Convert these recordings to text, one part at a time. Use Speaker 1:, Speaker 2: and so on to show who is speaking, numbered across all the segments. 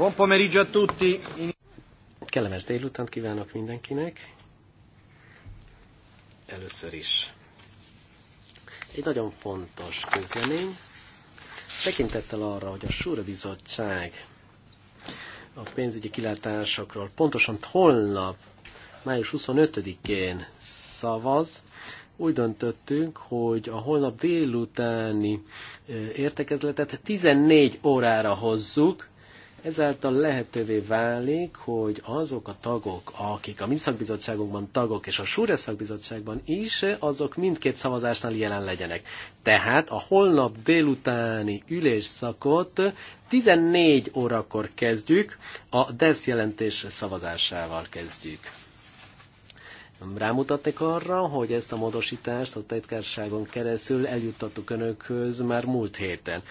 Speaker 1: Buon pomeriggio a tutti. Kellemes délután kívánok mindenkinek. Először is egy nagyon fontos közlemény. Tekintettel arra, hogy a Súra Bizottság a pénzügyi kilátásokról pontosan holnap, május 25-én szavaz, úgy döntöttünk, hogy a holnap délutáni értekezletet 14 órára hozzuk, Ezáltal lehetővé válik, hogy azok a tagok, akik a mi tagok, és a Súre szakbizottságban is, azok mindkét szavazásnál jelen legyenek. Tehát a holnap délutáni ülésszakot 14 órakor kezdjük, a DESZ jelentés szavazásával kezdjük. Rámutatnék arra, hogy ezt a módosítást a titkárságon keresztül eljuttattuk önökhöz már múlt héten.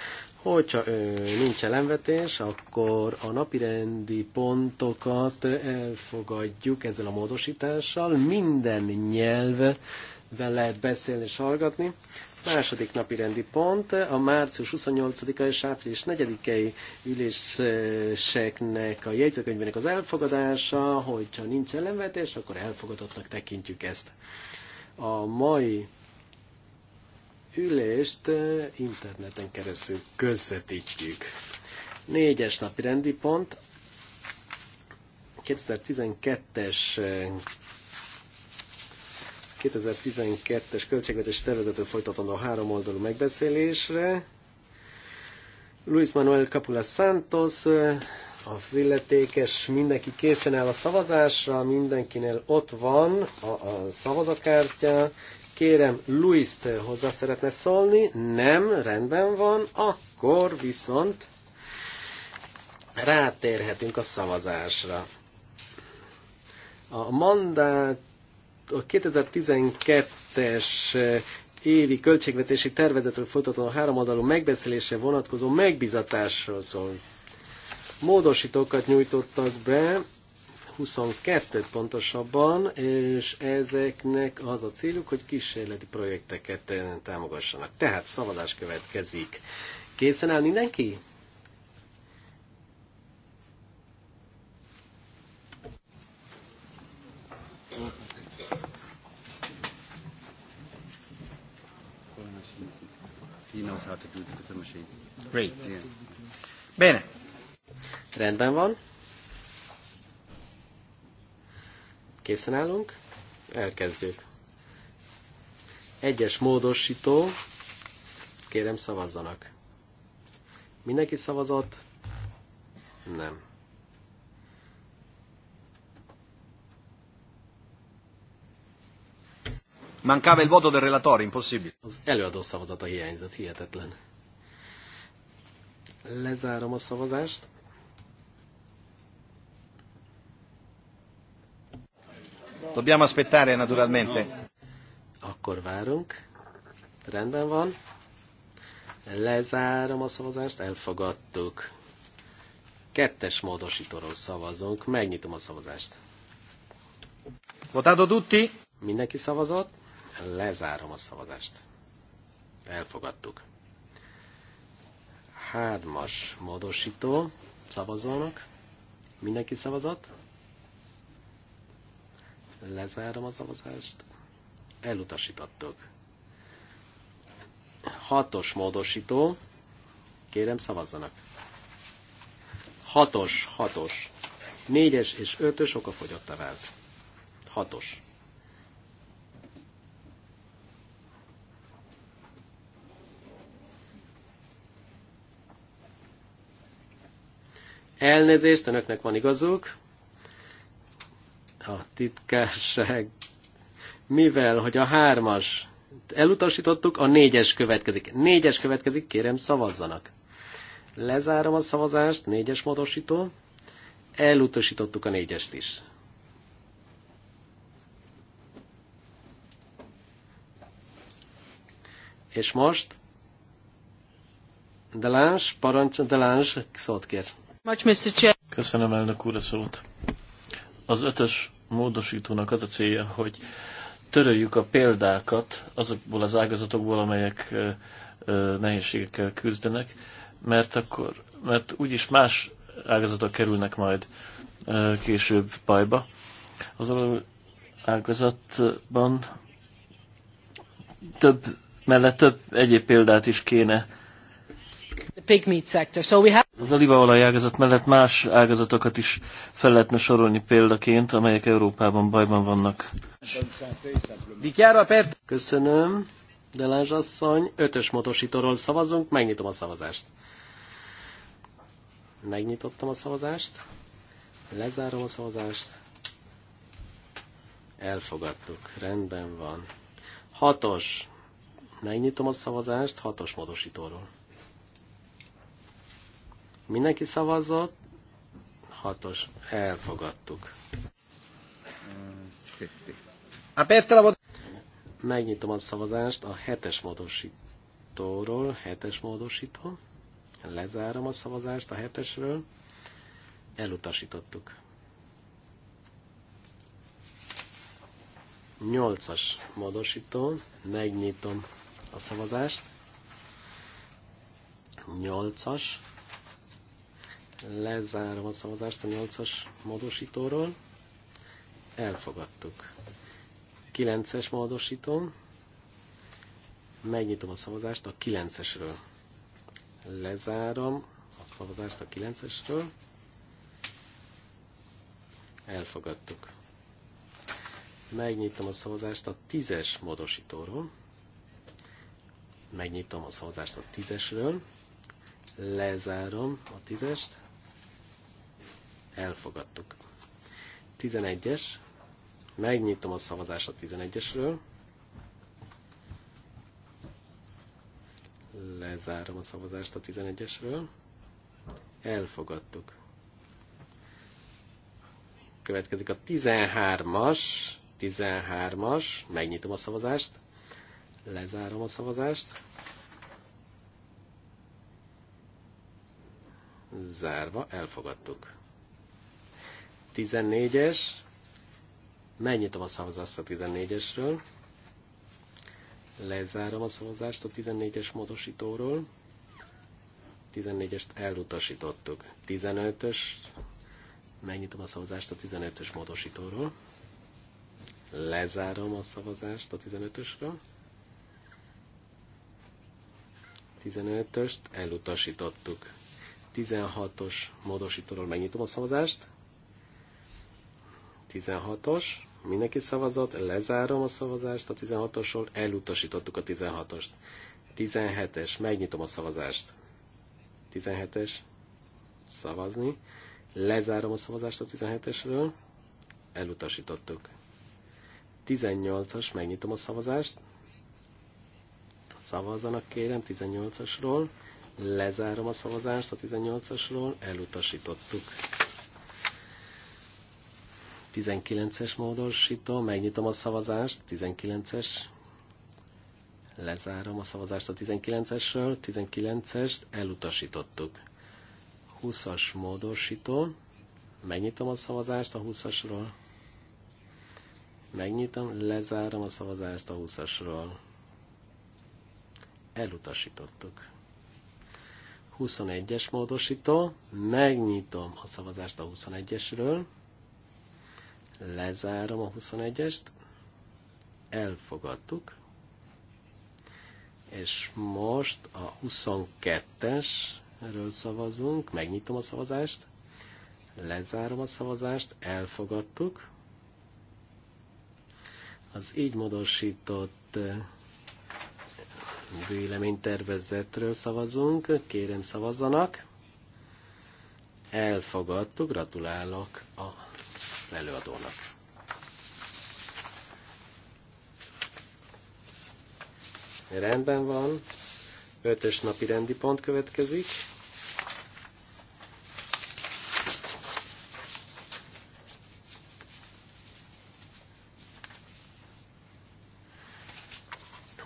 Speaker 1: Hogyha ö, nincs elemvetés, akkor a napirendi pontokat elfogadjuk ezzel a módosítással. Minden nyelvvel lehet beszélni és hallgatni. Második napirendi pont a március 28-a és április 4-i üléseknek a jegyzőkönyvének az elfogadása, hogyha nincs elemvetés, akkor elfogadottnak tekintjük ezt. A mai ülést eh, interneten keresztül közvetítjük. Négyes napi rendi pont, 2012-es 2012-es költségvetés tervezetről folytatandó három oldalú megbeszélésre. Luis Manuel Capula Santos, eh, az illetékes, mindenki készen áll a szavazásra, mindenkinél ott van a, a szavazatkártya, Kérem, louis hozzá szeretne szólni? Nem, rendben van. Akkor viszont rátérhetünk a szavazásra. A mandát a 2012-es évi költségvetési tervezetről folytató a háromadalú megbeszélése vonatkozó megbizatásról szól. Módosítókat nyújtottak be 22-t pontosabban, és ezeknek az a céljuk, hogy kísérleti projekteket eh, támogassanak. Tehát szavazás következik. Készen áll mindenki? Great, yeah. Bene. Rendben van. Készen állunk? Elkezdjük. Egyes módosító. Kérem szavazzanak. Mindenki szavazott? Nem. Mancava il voto del relatore, impossibile. Az előadó szavazata hiányzott, hihetetlen. Lezárom a szavazást. Dobbiamo aspettare, naturalmente. Akkor várunk. Rendben van. Lezárom a szavazást, elfogadtuk. Kettes módosítóról szavazunk, megnyitom a szavazást. Votado tutti? Mindenki szavazott, lezárom a szavazást. Elfogadtuk. Hármas módosító, szavazónak. Mindenki szavazott? Lezárom a szavazást. Elutasítottuk. Hatos módosító. Kérem, szavazzanak. Hatos, hatos. Négyes és ötös a vált. Hatos. Elnézést, önöknek van igazuk a titkárság, mivel, hogy a hármas elutasítottuk, a négyes következik. Négyes következik, kérem szavazzanak. Lezárom a szavazást, négyes módosító. Elutasítottuk a négyest is. És most Delange, parancs, Delange, szót kér.
Speaker 2: Köszönöm elnök úr a szót. Az ötös módosítónak az a célja, hogy töröljük a példákat azokból az ágazatokból, amelyek nehézségekkel küzdenek, mert akkor, mert úgyis más ágazatok kerülnek majd később bajba. Az ágazatban több, mellett több egyéb példát is kéne
Speaker 3: pig meat sector. So we have...
Speaker 2: Az olívaolaj ágazat mellett más ágazatokat is fel lehetne sorolni példaként, amelyek Európában bajban vannak.
Speaker 1: Köszönöm. Delázs asszony, ötös motosítóról szavazunk, megnyitom a szavazást. Megnyitottam a szavazást, lezárom a szavazást, elfogadtuk, rendben van. Hatos, megnyitom a szavazást, hatos motosítóról. Mindenki szavazott? Hatos. Elfogadtuk. Megnyitom a szavazást a hetes módosítóról. Hetes módosító. Lezárom a szavazást a hetesről. Elutasítottuk. Nyolcas módosító. Megnyitom a szavazást. Nyolcas. Lezárom a szavazást a 8-as módosítóról. Elfogadtuk. 9-es módosítóm. Megnyitom a szavazást a 9-esről. Lezárom a szavazást a 9-esről. Elfogadtuk. Megnyitom a szavazást a 10-es módosítóról. Megnyitom a szavazást a 10-esről. Lezárom a 10-est elfogadtuk. 11-es, megnyitom a szavazás a 11-esről, lezárom a szavazást a 11-esről, elfogadtuk. Következik a 13-as, 13-as, megnyitom a szavazást, lezárom a szavazást, zárva, elfogadtuk. 14-es. Megnyitom a szavazást a 14-esről. Lezárom a szavazást a 14-es módosítóról. 14-est elutasítottuk. 15-ös. Megnyitom a szavazást a 15-ös módosítóról. Lezárom a szavazást a 15-ösről. 15-öst elutasítottuk. 16-os módosítóról megnyitom a szavazást. 16-os, mindenki szavazott, lezárom a szavazást, a 16-osról elutasítottuk a 16-ost. 17-es, megnyitom a szavazást. 17-es, szavazni. Lezárom a szavazást a 17-esről, elutasítottuk. 18-as, megnyitom a szavazást. Szavazzanak kérem 18-asról. Lezárom a szavazást a 18-asról, elutasítottuk. 19-es módosító, megnyitom a szavazást, 19-es, lezárom a szavazást a 19-esről, 19-es, elutasítottuk. 20-as módosító, megnyitom a szavazást a 20-asról, megnyitom, lezárom a szavazást a 20-asról. Elutasítottuk. 21-es módosító, megnyitom a szavazást a 21-esről, Lezárom a 21-est. Elfogadtuk. És most a 22-esről szavazunk. Megnyitom a szavazást. Lezárom a szavazást. Elfogadtuk. Az így módosított eh, véleménytervezetről szavazunk. Kérem szavazzanak. Elfogadtuk. Gratulálok a az előadónak. Rendben van. Ötös napi rendi pont következik.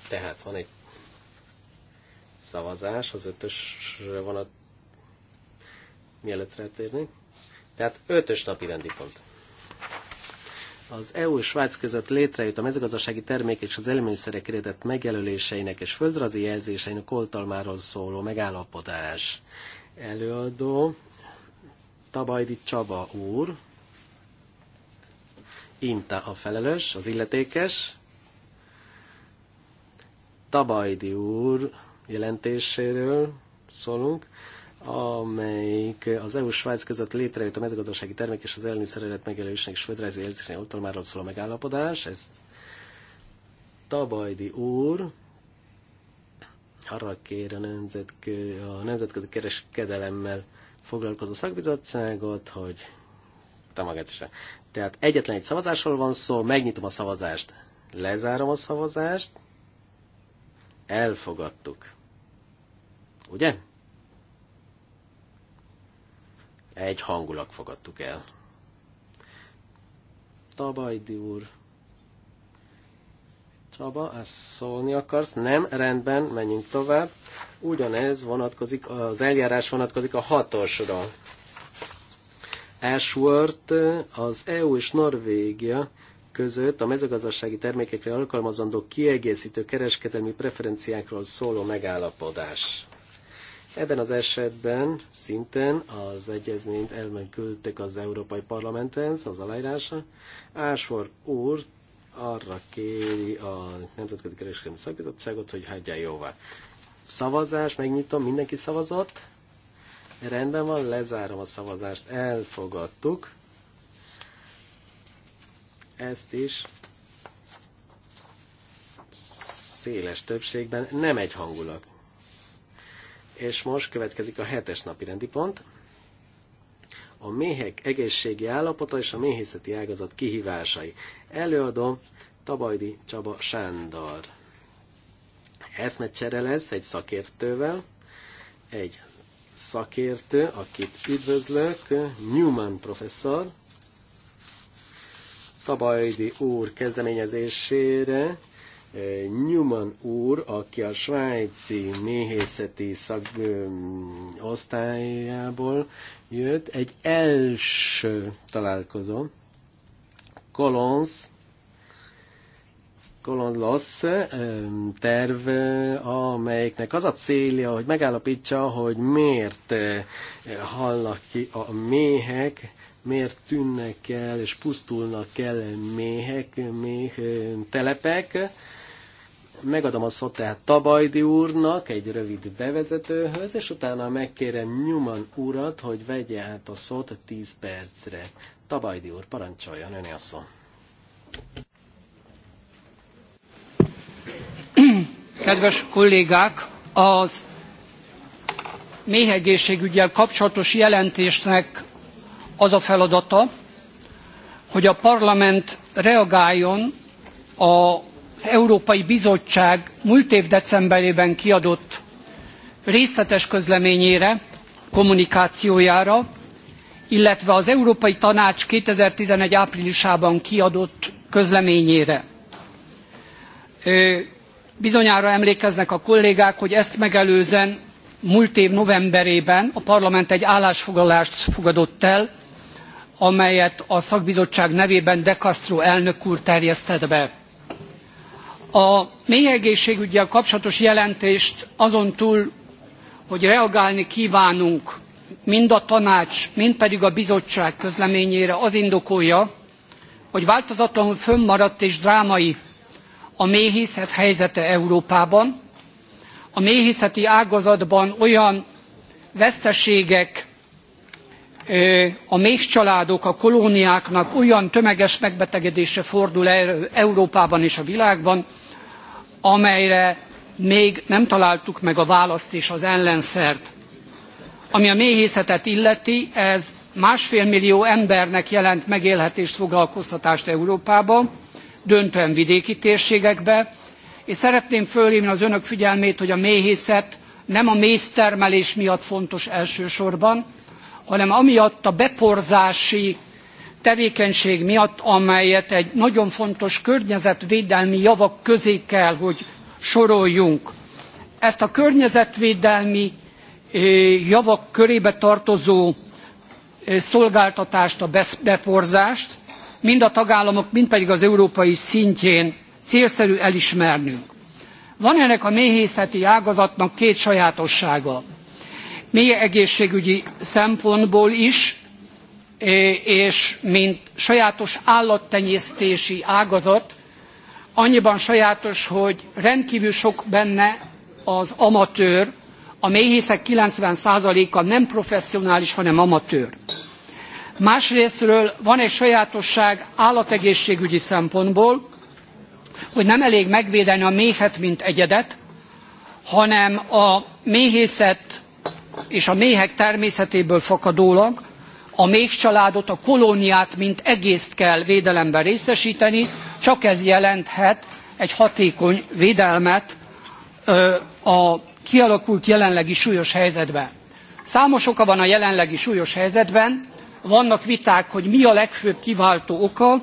Speaker 1: Tehát van egy szavazás az ötösre vonat mielőtt rátérnénk. Tehát ötös napi rendi pont az EU és Svájc között létrejött a mezőgazdasági termék és az élelmiszerek eredet megjelöléseinek és földrajzi jelzéseinek oltalmáról szóló megállapodás. Előadó Tabajdi Csaba úr, Inta a felelős, az illetékes, Tabajdi úr jelentéséről szólunk amelyik az EU-Svájc között létrejött a mezőgazdasági termék és az elniszerelet megjelölésének és földrajzi érzésének autonomáról szóló megállapodás. Ezt Tabajdi úr arra kér a, nemzetkö, a nemzetközi kereskedelemmel foglalkozó szakbizottságot, hogy támogatása. Tehát egyetlen egy szavazásról van szó, megnyitom a szavazást, lezárom a szavazást, elfogadtuk. Ugye? Egy hangulag fogadtuk el. Tabajdi úr. Csaba, ezt szólni akarsz? Nem, rendben, menjünk tovább. Ugyanez vonatkozik, az eljárás vonatkozik a hatosra. Ashworth az EU és Norvégia között a mezőgazdasági termékekre alkalmazandó kiegészítő kereskedelmi preferenciákról szóló megállapodás. Ebben az esetben szintén az egyezményt elmenküldtek az Európai Parlamenthez, az aláírása. Ásfor úr arra kéri a Nemzetközi Kereskedelmi Szakbizottságot, hogy hagyja jóvá. Szavazás, megnyitom, mindenki szavazott. Rendben van, lezárom a szavazást, elfogadtuk. Ezt is széles többségben, nem egy egyhangulag és most következik a hetes napi rendi pont. A méhek egészségi állapota és a méhészeti ágazat kihívásai. Előadó Tabajdi Csaba Sándor. Eszmecsere lesz egy szakértővel, egy szakértő, akit üdvözlök, Newman professzor, Tabajdi úr kezdeményezésére Newman úr, aki a svájci méhészeti szak osztályából jött, egy első találkozó. Kolons, Kolon Lasse terv, amelyiknek az a célja, hogy megállapítsa, hogy miért hallnak ki a méhek, miért tűnnek el és pusztulnak el méhek, méh telepek, megadom a szót tehát Tabajdi úrnak egy rövid bevezetőhöz, és utána megkérem Nyuman urat, hogy vegye át a szót 10 percre. Tabajdi úr, parancsoljon, öné a szó.
Speaker 3: Kedves kollégák, az méhegészségügyel kapcsolatos jelentésnek az a feladata, hogy a parlament reagáljon a az Európai Bizottság múlt év decemberében kiadott részletes közleményére, kommunikációjára, illetve az Európai Tanács 2011 áprilisában kiadott közleményére. Bizonyára emlékeznek a kollégák, hogy ezt megelőzően múlt év novemberében a parlament egy állásfoglalást fogadott el, amelyet a szakbizottság nevében De Castro elnök úr terjesztett be. A méhegészségügyel kapcsolatos jelentést azon túl, hogy reagálni kívánunk mind a tanács, mind pedig a bizottság közleményére az indokolja, hogy változatlanul fönnmaradt és drámai a méhészet helyzete Európában. A méhészeti ágazatban olyan veszteségek, a méhcsaládok, a kolóniáknak olyan tömeges megbetegedése fordul elő Európában és a világban, amelyre még nem találtuk meg a választ és az ellenszert. Ami a méhészetet illeti, ez másfél millió embernek jelent megélhetést, foglalkoztatást Európában döntően vidéki térségekbe, és szeretném fölhívni az önök figyelmét, hogy a méhészet nem a méztermelés miatt fontos elsősorban, hanem amiatt a beporzási tevékenység miatt, amelyet egy nagyon fontos környezetvédelmi javak közé kell, hogy soroljunk. Ezt a környezetvédelmi javak körébe tartozó szolgáltatást, a beporzást, mind a tagállamok, mind pedig az európai szintjén célszerű elismernünk. Van ennek a méhészeti ágazatnak két sajátossága. Mély egészségügyi szempontból is, és mint sajátos állattenyésztési ágazat, annyiban sajátos, hogy rendkívül sok benne az amatőr, a méhészek 90%-a nem professzionális, hanem amatőr. Másrésztről van egy sajátosság állategészségügyi szempontból, hogy nem elég megvédeni a méhet, mint egyedet, hanem a méhészet és a méhek természetéből fakadólag a méhcsaládot, a kolóniát, mint egészt kell védelemben részesíteni, csak ez jelenthet egy hatékony védelmet a kialakult jelenlegi súlyos helyzetben. Számos oka van a jelenlegi súlyos helyzetben, vannak viták, hogy mi a legfőbb kiváltó oka.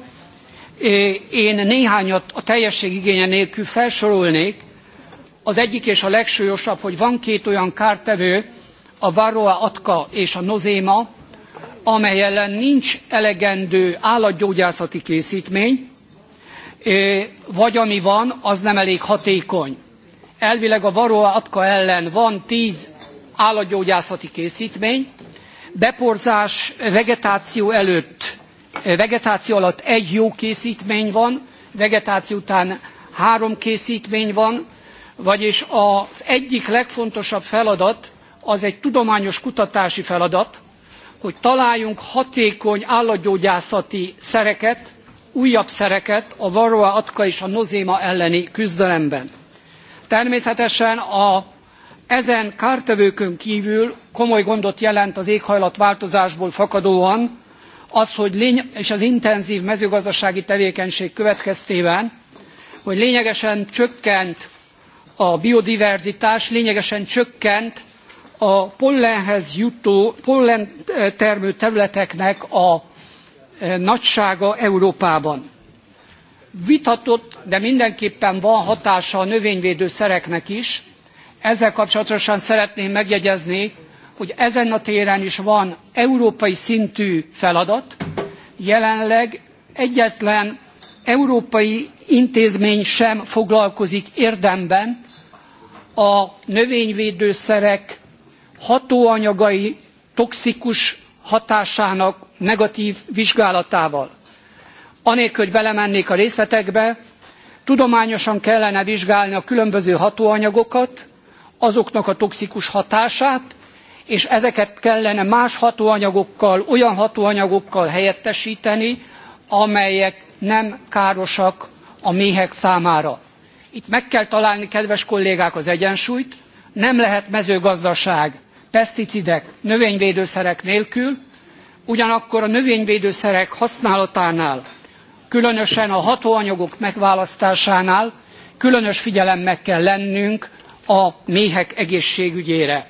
Speaker 3: Én néhányat a teljesség igénye nélkül felsorolnék. Az egyik és a legsúlyosabb, hogy van két olyan kártevő, a varroa atka és a nozéma, amely ellen nincs elegendő állatgyógyászati készítmény, eh, vagy ami van, az nem elég hatékony. Elvileg a atka ellen van tíz állatgyógyászati készítmény, beporzás vegetáció előtt, eh, vegetáció alatt egy jó készítmény van, vegetáció után három készítmény van, vagyis az egyik legfontosabb feladat az egy tudományos kutatási feladat, hogy találjunk hatékony állatgyógyászati szereket, újabb szereket a varroa atka és a nozéma elleni küzdelemben. Természetesen a, ezen kártevőkön kívül komoly gondot jelent az éghajlatváltozásból fakadóan az, hogy lény- és az intenzív mezőgazdasági tevékenység következtében, hogy lényegesen csökkent a biodiverzitás, lényegesen csökkent a pollenhez jutó, pollen eh, termő területeknek a eh, nagysága Európában. Vitatott, de mindenképpen van hatása a szereknek is. Ezzel kapcsolatosan szeretném megjegyezni, hogy ezen a téren is van európai szintű feladat. Jelenleg egyetlen európai intézmény sem foglalkozik érdemben a növényvédőszerek hatóanyagai toxikus hatásának negatív vizsgálatával. Anélkül, hogy belemennék a részletekbe, tudományosan kellene vizsgálni a különböző hatóanyagokat, azoknak a toxikus hatását, és ezeket kellene más hatóanyagokkal, olyan hatóanyagokkal helyettesíteni, amelyek nem károsak a méhek számára. Itt meg kell találni, kedves kollégák, az egyensúlyt. Nem lehet mezőgazdaság peszticidek, növényvédőszerek nélkül, ugyanakkor a növényvédőszerek használatánál, különösen a hatóanyagok megválasztásánál különös figyelemmel kell lennünk a méhek egészségügyére.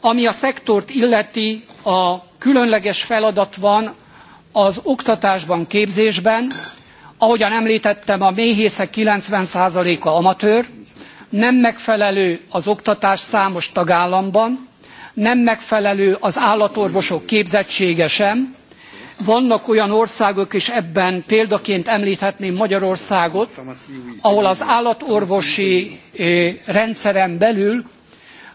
Speaker 3: Ami a szektort illeti, a különleges feladat van az oktatásban, képzésben, ahogyan említettem, a méhészek 90%-a amatőr, nem megfelelő az oktatás számos tagállamban, nem megfelelő az állatorvosok képzettsége sem. Vannak olyan országok is ebben, példaként említhetném Magyarországot, ahol az állatorvosi eh, rendszeren belül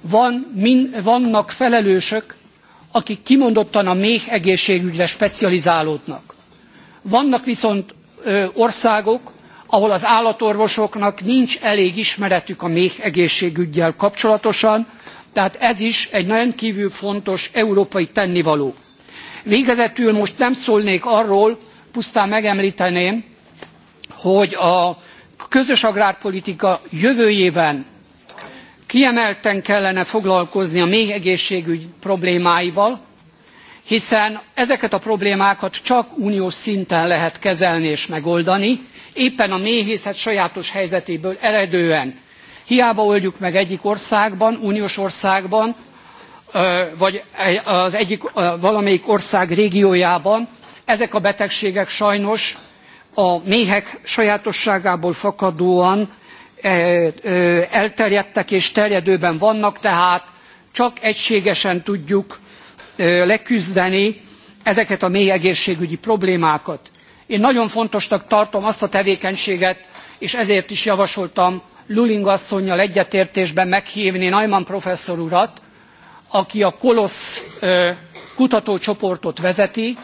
Speaker 3: van, min, vannak felelősök, akik kimondottan a méh egészségügyre specializálódnak. Vannak viszont ö, országok, ahol az állatorvosoknak nincs elég ismeretük a méh egészségügyel kapcsolatosan, tehát ez is egy rendkívül fontos európai tennivaló. Végezetül most nem szólnék arról, pusztán megemlíteném, hogy a közös agrárpolitika jövőjében kiemelten kellene foglalkozni a méhegészségügy problémáival, hiszen ezeket a problémákat csak uniós szinten lehet kezelni és megoldani, éppen a méhészet sajátos helyzetéből eredően Hiába oldjuk meg egyik országban, uniós országban, vagy az egyik, valamelyik ország régiójában, ezek a betegségek sajnos a méhek sajátosságából fakadóan elterjedtek és terjedőben vannak, tehát csak egységesen tudjuk leküzdeni ezeket a mély egészségügyi problémákat. Én nagyon fontosnak tartom azt a tevékenységet, és ezért is javasoltam lulling asszonnyal egyetértésben meghvni neumann professzor urat aki a Kolosz kutatócsoportot vezeti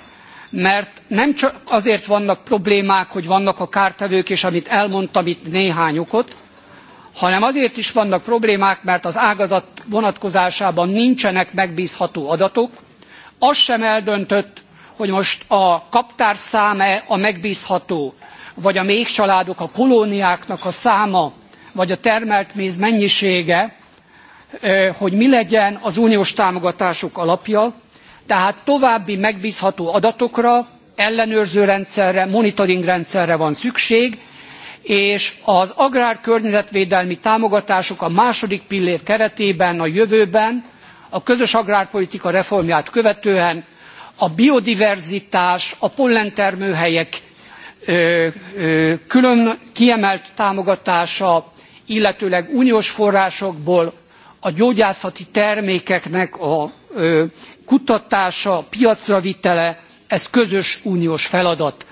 Speaker 3: mert nem csak azért vannak problémák hogy vannak a kártevők és amit elmondtam itt néhány okot hanem azért is vannak problémák mert az ágazat vonatkozásában nincsenek megbízható adatok az sem eldöntött hogy most a kaptárszám e a megbízható vagy a méhcsaládok, a kolóniáknak a száma, vagy a termelt méz mennyisége, hogy mi legyen az uniós támogatások alapja, tehát további megbízható adatokra, ellenőrző rendszerre, monitoring rendszerre van szükség, és az agrárkörnyezetvédelmi támogatások a második pillér keretében a jövőben a közös agrárpolitika reformját követően a biodiverzitás, a pollentermőhelyek külön kiemelt támogatása, illetőleg uniós forrásokból a gyógyászati termékeknek a kutatása, piacra vitele, ez közös uniós feladat.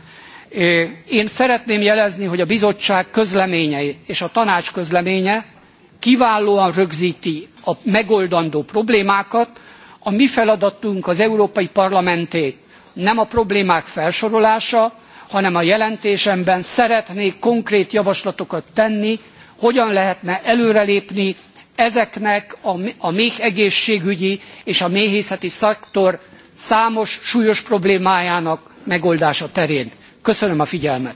Speaker 3: Én szeretném jelezni, hogy a bizottság közleménye és a tanács közleménye kiválóan rögzíti a megoldandó problémákat. A mi feladatunk az Európai Parlamenté nem a problémák felsorolása, hanem a jelentésemben szeretnék konkrét javaslatokat tenni, hogyan lehetne előrelépni ezeknek a, a méhegészségügyi és a méhészeti szektor számos súlyos problémájának megoldása terén. Köszönöm a figyelmet!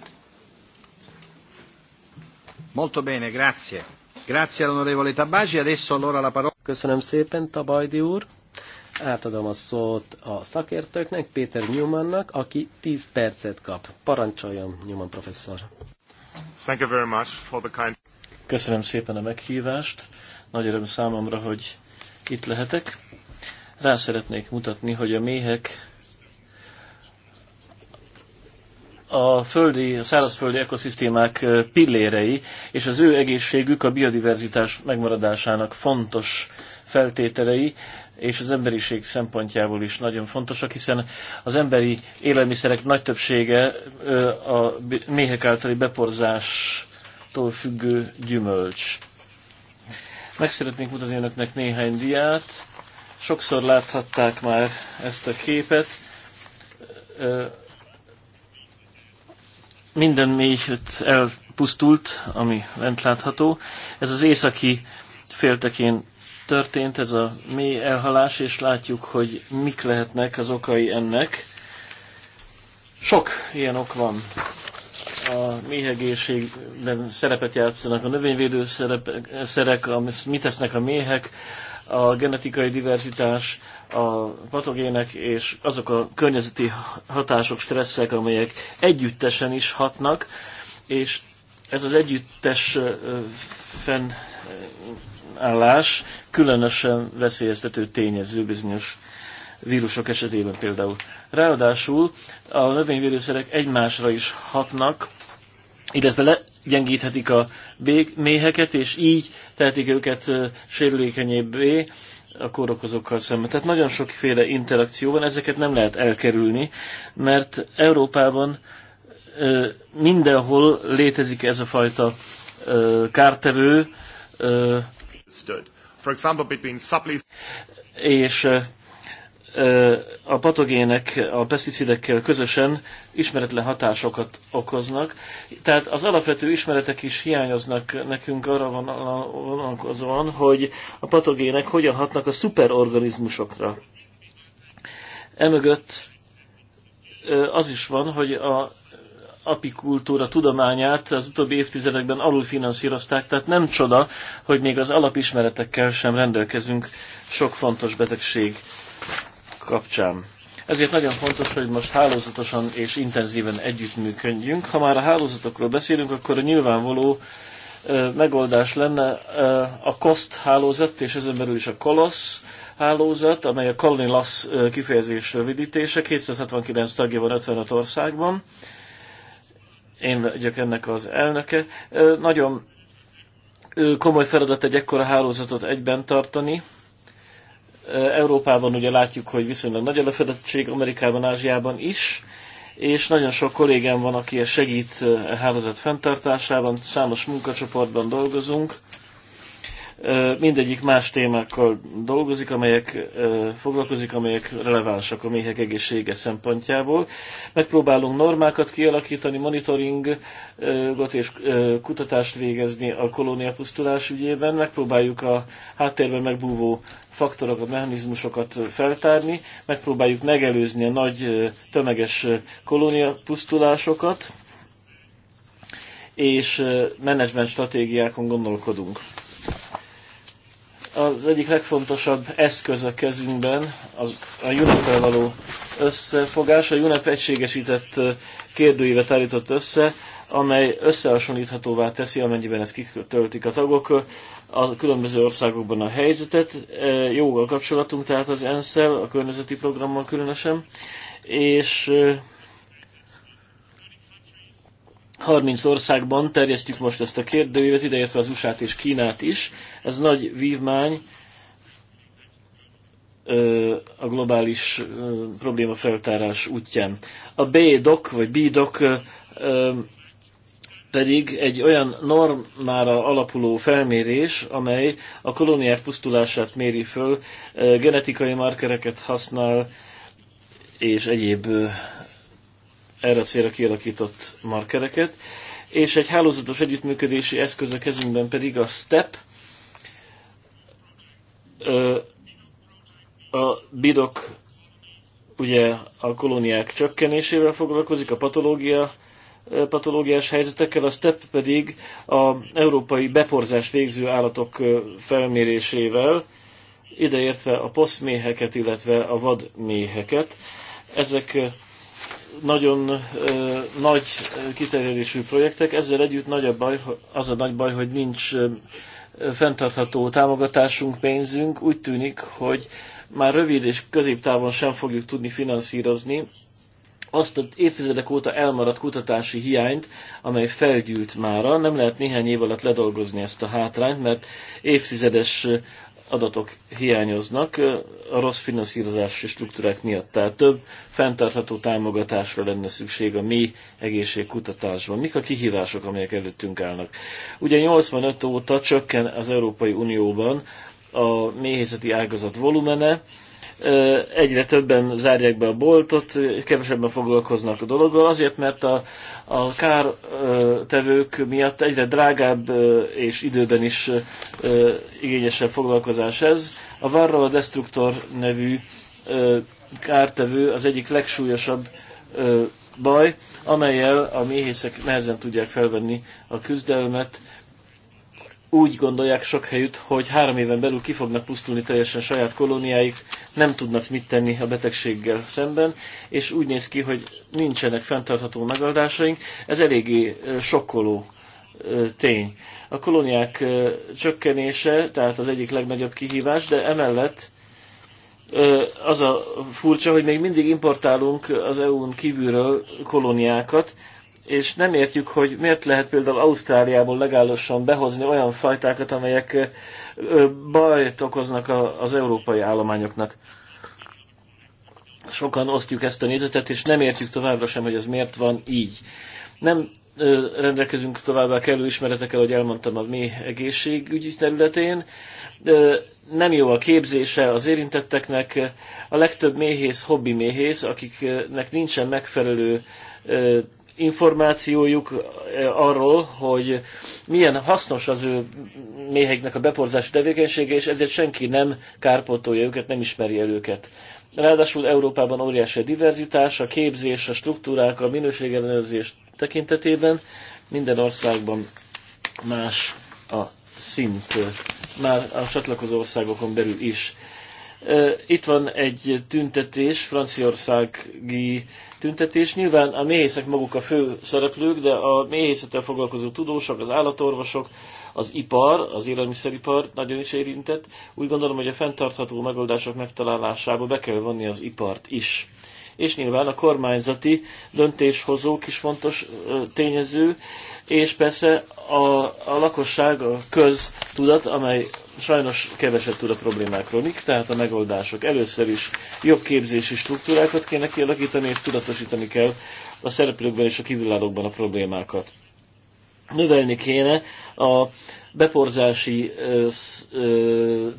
Speaker 4: Molto bene, grazie. Grazie all'onorevole Tabagi. Adesso allora
Speaker 1: la parola. Köszönöm szépen, Tabajdi úr. Átadom a szót a szakértőknek, Péter Newmannak, aki 10 percet kap. Parancsoljon, Newman professzor.
Speaker 2: Thank you very much for the kind... Köszönöm szépen a meghívást. Nagy öröm számomra, hogy itt lehetek. Rá szeretnék mutatni, hogy a méhek a földi, a szárazföldi ekoszisztémák pillérei, és az ő egészségük a biodiverzitás megmaradásának fontos feltételei és az emberiség szempontjából is nagyon fontosak, hiszen az emberi élelmiszerek nagy többsége a méhek általi beporzástól függő gyümölcs. Meg szeretnénk mutatni önöknek néhány diát. Sokszor láthatták már ezt a képet. Minden méh elpusztult, ami lent látható. Ez az északi féltekén történt ez a mély elhalás, és látjuk, hogy mik lehetnek az okai ennek. Sok ilyen ok van. A méhegészségben szerepet játszanak a növényvédőszerek, amit mit tesznek a méhek, a genetikai diverzitás, a patogének és azok a környezeti hatások, stresszek, amelyek együttesen is hatnak, és ez az együttes fenn ellenállás különösen veszélyeztető tényező bizonyos vírusok esetében például. Ráadásul a növényvédőszerek egymásra is hatnak, illetve legyengíthetik a méheket, és így tehetik őket sérülékenyebbé a kórokozókkal szemben. Tehát nagyon sokféle interakció van, ezeket nem lehet elkerülni, mert Európában mindenhol létezik ez a fajta kártevő, és a patogének a peszticidekkel közösen ismeretlen hatásokat okoznak. Tehát az alapvető ismeretek is hiányoznak nekünk arra vonalkozóan, hogy a patogének hogyan hatnak a szuperorganizmusokra. Emögött az is van, hogy a apikultúra tudományát az utóbbi évtizedekben alulfinanszírozták, tehát nem csoda, hogy még az alapismeretekkel sem rendelkezünk sok fontos betegség kapcsán. Ezért nagyon fontos, hogy most hálózatosan és intenzíven együttműködjünk. Ha már a hálózatokról beszélünk, akkor a nyilvánvaló megoldás lenne a COST hálózat, és ezen belül is a COLOSS hálózat, amely a Colony Loss kifejezés rövidítése, 269 tagja van 55 országban én vagyok ennek az elnöke. Nagyon komoly feladat egy ekkora hálózatot egyben tartani. Európában ugye látjuk, hogy viszonylag nagy a fedettség, Amerikában, Ázsiában is, és nagyon sok kollégám van, aki segít a hálózat fenntartásában, számos munkacsoportban dolgozunk, Mindegyik más témákkal dolgozik, amelyek foglalkozik, amelyek relevánsak a méhek egészsége szempontjából. Megpróbálunk normákat kialakítani, monitoringot és kutatást végezni a pusztulás ügyében. Megpróbáljuk a háttérben megbúvó faktorokat, mechanizmusokat feltárni, megpróbáljuk megelőzni a nagy tömeges pusztulásokat, és menedzsment stratégiákon gondolkodunk az egyik legfontosabb eszköz a kezünkben az a unep való összefogás. A UNEP egységesített kérdőívet állított össze, amely összehasonlíthatóvá teszi, amennyiben ezt kitöltik a tagok, a különböző országokban a helyzetet. Jó a kapcsolatunk tehát az ENSZ-el, a környezeti programmal különösen, és 30 országban terjesztjük most ezt a kérdőjét, ideértve az usa és Kínát is. Ez nagy vívmány a globális probléma feltárás útján. A B-DOC vagy B-DOC pedig egy olyan normára alapuló felmérés, amely a kolóniák pusztulását méri föl, genetikai markereket használ, és egyéb erre célra kialakított markereket, és egy hálózatos együttműködési eszköz a kezünkben pedig a STEP, a bidok ugye a kolóniák csökkenésével foglalkozik, a patológia, patológiás helyzetekkel, a STEP pedig a európai beporzás végző állatok felmérésével, ideértve a poszméheket, illetve a vadméheket. Ezek nagyon ö, nagy kiterjedésű projektek, ezzel együtt nagy a baj, az a nagy baj, hogy nincs ö, fenntartható támogatásunk, pénzünk. Úgy tűnik, hogy már rövid és középtávon sem fogjuk tudni finanszírozni azt az évtizedek óta elmaradt kutatási hiányt, amely felgyűlt mára. Nem lehet néhány év alatt ledolgozni ezt a hátrányt, mert évtizedes adatok hiányoznak a rossz finanszírozási struktúrák miatt. Tehát több fenntartható támogatásra lenne szükség a mi egészségkutatásban. Mik a kihívások, amelyek előttünk állnak? Ugye 85 óta csökken az Európai Unióban a méhészeti ágazat volumene, egyre többen zárják be a boltot, kevesebben foglalkoznak a dologgal, azért, mert a, a kártevők miatt egyre drágább és időben is igényesebb foglalkozás ez. A varroa Destructor nevű kártevő az egyik legsúlyosabb baj, amelyel a méhészek nehezen tudják felvenni a küzdelmet, úgy gondolják sok helyütt, hogy három éven belül ki fognak pusztulni teljesen saját kolóniáik, nem tudnak mit tenni a betegséggel szemben, és úgy néz ki, hogy nincsenek fenntartható megoldásaink. Ez eléggé sokkoló tény. A kolóniák csökkenése, tehát az egyik legnagyobb kihívás, de emellett az a furcsa, hogy még mindig importálunk az EU-n kívülről kolóniákat, és nem értjük, hogy miért lehet például Ausztráliából legálosan behozni olyan fajtákat, amelyek bajt okoznak az európai állományoknak. Sokan osztjuk ezt a nézetet, és nem értjük továbbra sem, hogy ez miért van így. Nem rendelkezünk továbbá kellő ismeretekkel, hogy elmondtam a mi egészségügyi területén. Nem jó a képzése az érintetteknek. A legtöbb méhész hobbi méhész, akiknek nincsen megfelelő információjuk eh, arról, hogy milyen hasznos az ő méheknek a beporzási tevékenysége, és ezért senki nem kárpótolja őket, nem ismeri el őket. Ráadásul Európában óriási a diverzitás, a képzés, a struktúrák, a minőségellenőrzés tekintetében minden országban más a szint, eh, már a csatlakozó országokon belül is. Eh, itt van egy tüntetés, franciaországi tüntetés. Nyilván a méhészek maguk a fő szereplők, de a méhészettel foglalkozó tudósok, az állatorvosok, az ipar, az élelmiszeripar nagyon is érintett. Úgy gondolom, hogy a fenntartható megoldások megtalálásába be kell vonni az ipart is. És nyilván a kormányzati döntéshozók is fontos tényező, és persze a, a lakosság, a köztudat, amely sajnos keveset tud a problémákról. Mik tehát a megoldások? Először is jobb képzési struktúrákat kéne kialakítani, és tudatosítani kell a szereplőkben és a kívülállókban a problémákat. Növelni kéne a beporzási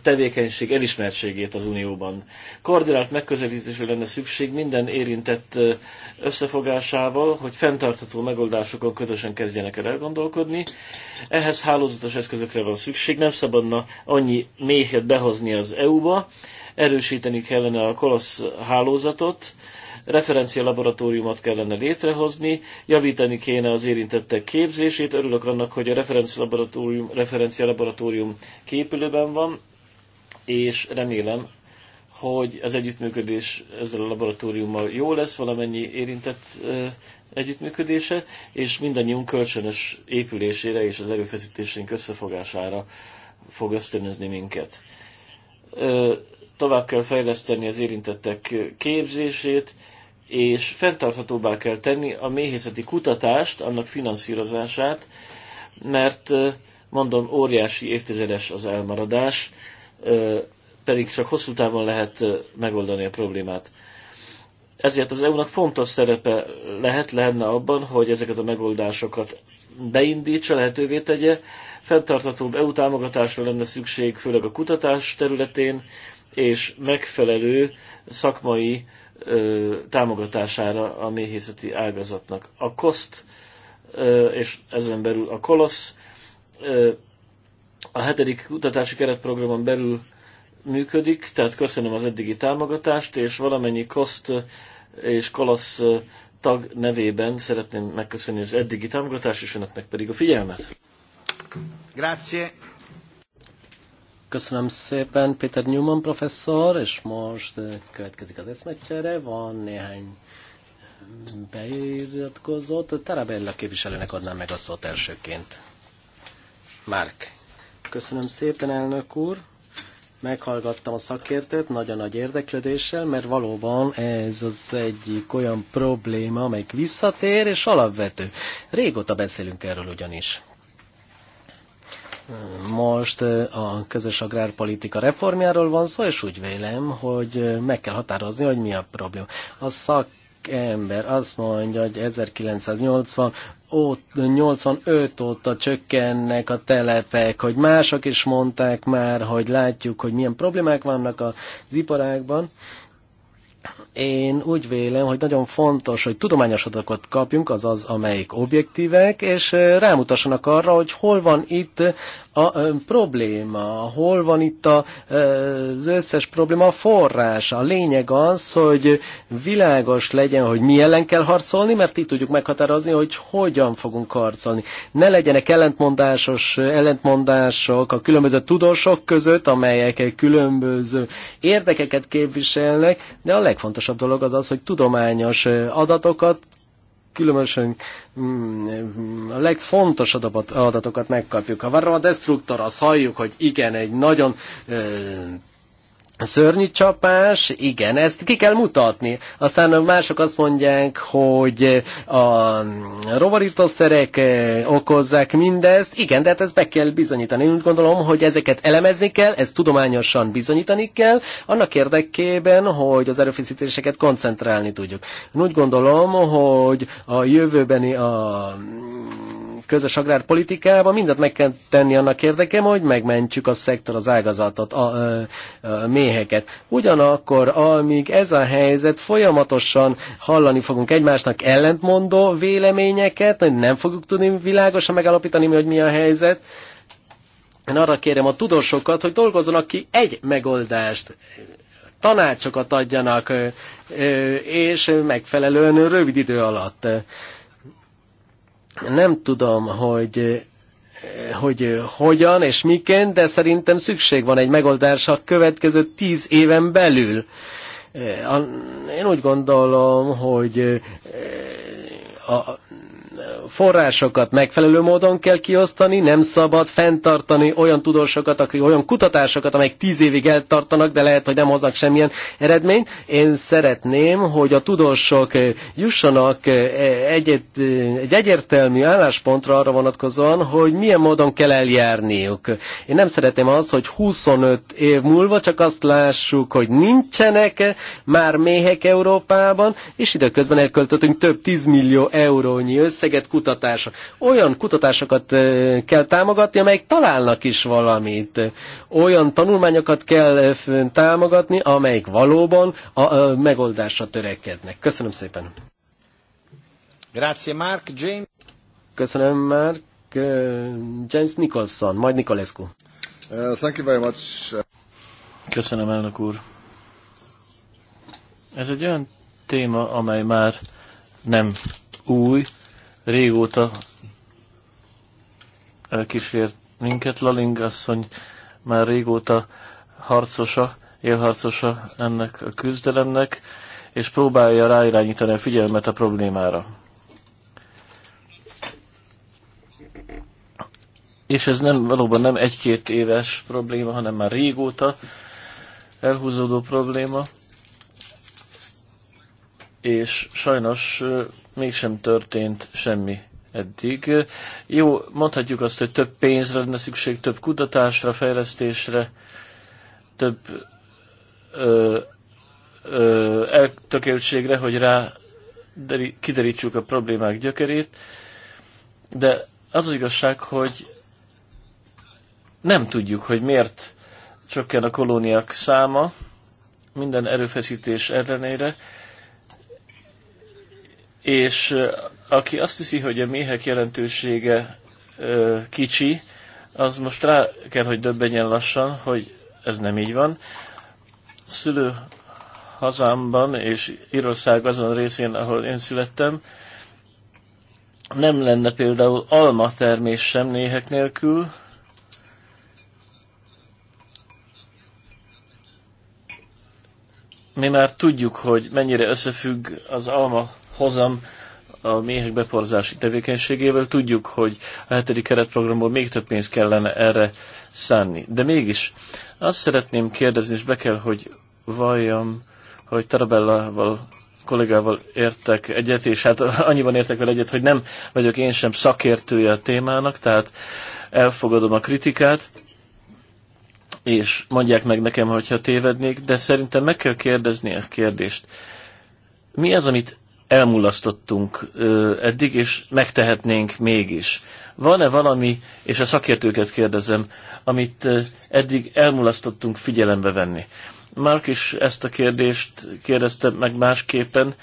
Speaker 2: tevékenység elismertségét az Unióban. Koordinált megközelítésre lenne szükség minden érintett összefogásával, hogy fenntartható megoldásokon közösen kezdjenek el elgondolkodni. Ehhez hálózatos eszközökre van szükség, nem szabadna annyi méhet behozni az EU-ba, erősíteni kellene a kolosz hálózatot, referencia laboratóriumot kellene létrehozni, javítani kéne az érintettek képzését, örülök annak, hogy a referencia laboratórium, referencia laboratórium képülőben van, és remélem, hogy az együttműködés ezzel a laboratóriummal jó lesz, valamennyi érintett együttműködése, és mindannyiunk kölcsönös épülésére és az erőfeszítésénk összefogására fog ösztönözni minket tovább kell fejleszteni az érintettek képzését, és fenntarthatóbbá kell tenni a méhészeti kutatást, annak finanszírozását, mert mondom, óriási évtizedes az elmaradás, pedig csak hosszú távon lehet megoldani a problémát. Ezért az EU-nak fontos szerepe lehet lenne abban, hogy ezeket a megoldásokat beindítsa, lehetővé tegye. Fenntarthatóbb EU támogatásra lenne szükség, főleg a kutatás területén, és megfelelő szakmai ö, támogatására a méhészeti ágazatnak. A KOSZT ö, és ezen belül a KOLOSZ ö, a hetedik kutatási keretprogramon belül működik, tehát köszönöm az eddigi támogatást, és valamennyi KOSZT és KOLOSZ tag nevében szeretném megköszönni az eddigi támogatást, és önöknek pedig a figyelmet. Grazie. Köszönöm szépen
Speaker 1: Peter Newman professzor, és most eh, következik az eszmecsere, van néhány beiratkozott. Tarabella képviselőnek adnám meg a szót elsőként. Márk. Köszönöm szépen, elnök úr. Meghallgattam a szakértőt nagyon nagy érdeklődéssel, mert valóban ez az egyik olyan probléma, amelyik visszatér és alapvető. Régóta beszélünk erről ugyanis. Most a közös agrárpolitika reformjáról van szó, és úgy vélem, hogy meg kell határozni, hogy mi a probléma. A szakember azt mondja, hogy 1980 ott, 85 óta csökkennek a telepek, hogy mások is mondták már, hogy látjuk, hogy milyen problémák vannak az iparákban, én úgy vélem, hogy nagyon fontos, hogy tudományos adatokat kapjunk, azaz amelyik objektívek, és rámutassanak arra, hogy hol van itt a probléma, hol van itt a, az összes probléma a forrása. A lényeg az, hogy világos legyen, hogy mi ellen kell harcolni, mert itt tudjuk meghatározni, hogy hogyan fogunk harcolni. Ne legyenek ellentmondásos ellentmondások a különböző tudósok között, amelyek különböző érdekeket képviselnek, de a legfontosabb legfontosabb dolog az az, hogy tudományos adatokat különösen mm, a legfontosabb adatokat megkapjuk. Ha várva a destruktor, azt halljuk, hogy igen, egy nagyon Szörnyű csapás, igen, ezt ki kell mutatni. Aztán mások azt mondják, hogy a rovarirtószerek eh, okozzák mindezt. Igen, de hát ezt be kell bizonyítani. Én úgy gondolom, hogy ezeket elemezni kell, ezt tudományosan bizonyítani kell, annak érdekében, hogy az erőfeszítéseket koncentrálni tudjuk. Én úgy gondolom, hogy a jövőbeni a közös agrárpolitikában mindent meg kell tenni annak érdekében, hogy megmentsük a szektor, az ágazatot, a, a, a méheket. Ugyanakkor, amíg ez a helyzet, folyamatosan hallani fogunk egymásnak ellentmondó véleményeket, nem fogjuk tudni világosan megalapítani, hogy mi a helyzet. Én arra kérem a tudósokat, hogy dolgozzanak ki egy megoldást, tanácsokat adjanak, és megfelelően rövid idő alatt. Nem tudom, hogy eh, hogy eh, hogyan és miként, de szerintem szükség van egy megoldásra a következő tíz éven belül. Eh, én úgy gondolom, hogy a forrásokat megfelelő módon kell kiosztani, nem szabad fenntartani olyan tudósokat, akik olyan kutatásokat, amelyek tíz évig eltartanak, de lehet, hogy nem hoznak semmilyen eredményt. Én szeretném, hogy a tudósok jussanak eh, egy, eh, egy egyértelmű álláspontra arra vonatkozóan, hogy milyen módon kell eljárniuk. Én nem szeretném azt, hogy 25 év múlva csak azt lássuk, hogy nincsenek már méhek Európában, és időközben elköltöttünk több 10 millió eurónyi összeget kutatás, Olyan kutatásokat kell támogatni, amelyek találnak is valamit. Olyan tanulmányokat kell támogatni, amelyek valóban a megoldásra törekednek. Köszönöm szépen.
Speaker 4: Grazie Mark James.
Speaker 1: Köszönöm Mark.
Speaker 2: James Nicholson, majd Nicolescu.
Speaker 4: Uh, thank you very much.
Speaker 2: Köszönöm, elnök úr. Ez egy olyan téma, amely már nem új, régóta elkísért minket. Laling asszony már régóta harcosa, élharcosa ennek a küzdelemnek, és próbálja ráirányítani a figyelmet a problémára. És ez nem valóban nem egy-két éves probléma, hanem már régóta elhúzódó probléma, és sajnos mégsem történt semmi eddig. Jó, mondhatjuk azt, hogy több pénzre lenne szükség, több kutatásra, fejlesztésre, több eltökéltségre, hogy rá deri, kiderítsük a problémák gyökerét, de az az igazság, hogy nem tudjuk, hogy miért csökken a kolóniák száma minden erőfeszítés ellenére, és aki azt hiszi, hogy a méhek jelentősége kicsi, az most rá kell, hogy döbbenjen lassan, hogy ez nem így van. Szülő hazámban és Írország azon részén, ahol én születtem, nem lenne például alma termés sem néhek nélkül, mi már tudjuk, hogy mennyire összefügg az alma hozam a méhek beporzási tevékenységével. Tudjuk, hogy a hetedik keretprogramból még több pénzt kellene erre szánni. De mégis azt szeretném kérdezni, és be kell, hogy valljam, hogy Tarabellával kollégával értek egyet, és hát annyiban értek vele egyet, hogy nem vagyok én sem szakértője a témának, tehát elfogadom a kritikát, és mondják meg nekem, hogyha tévednék, de szerintem meg kell kérdezni a kérdést. Mi az, amit elmulasztottunk eddig, és megtehetnénk mégis. Van-e valami, és a szakértőket kérdezem, amit eddig elmulasztottunk figyelembe venni? Mark is ezt a kérdést kérdezte meg másképpen,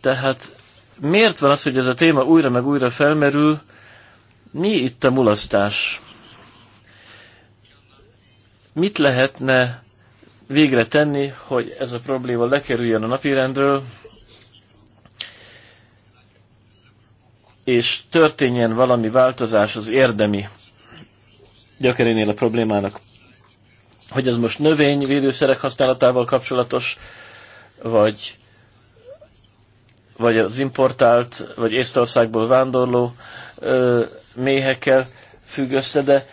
Speaker 2: tehát miért van az, hogy ez a téma újra meg újra felmerül, mi itt a mulasztás? Mit lehetne végre tenni, hogy ez a probléma lekerüljön a napirendről, és történjen valami változás az érdemi gyökerénél a problémának. Hogy ez most növényvédőszerek használatával kapcsolatos, vagy, vagy az importált, vagy Észtországból vándorló ö, méhekkel függ össze, de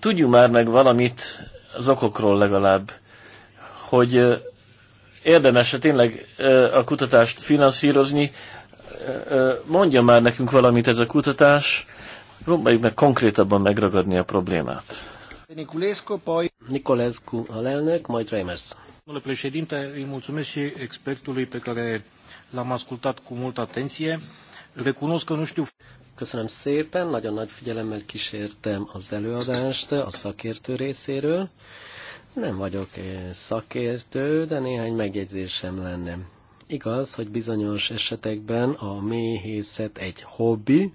Speaker 2: tudjuk már meg valamit az okokról legalább, hogy érdemes -e tényleg a kutatást finanszírozni, mondja már nekünk valamit ez a kutatás, próbáljuk meg konkrétabban megragadni a problémát.
Speaker 1: Niculescu, poi... a lelnök, majd Reimers. Domnule președinte, îi mulțumesc și expertului pe care l-am ascultat cu multă atenție. Recunosc că nu știu... Köszönöm szépen, nagyon nagy figyelemmel kísértem az előadást a szakértő részéről. Nem vagyok eh, szakértő, de néhány megjegyzésem lenne. Igaz, hogy bizonyos esetekben a méhészet egy hobbi,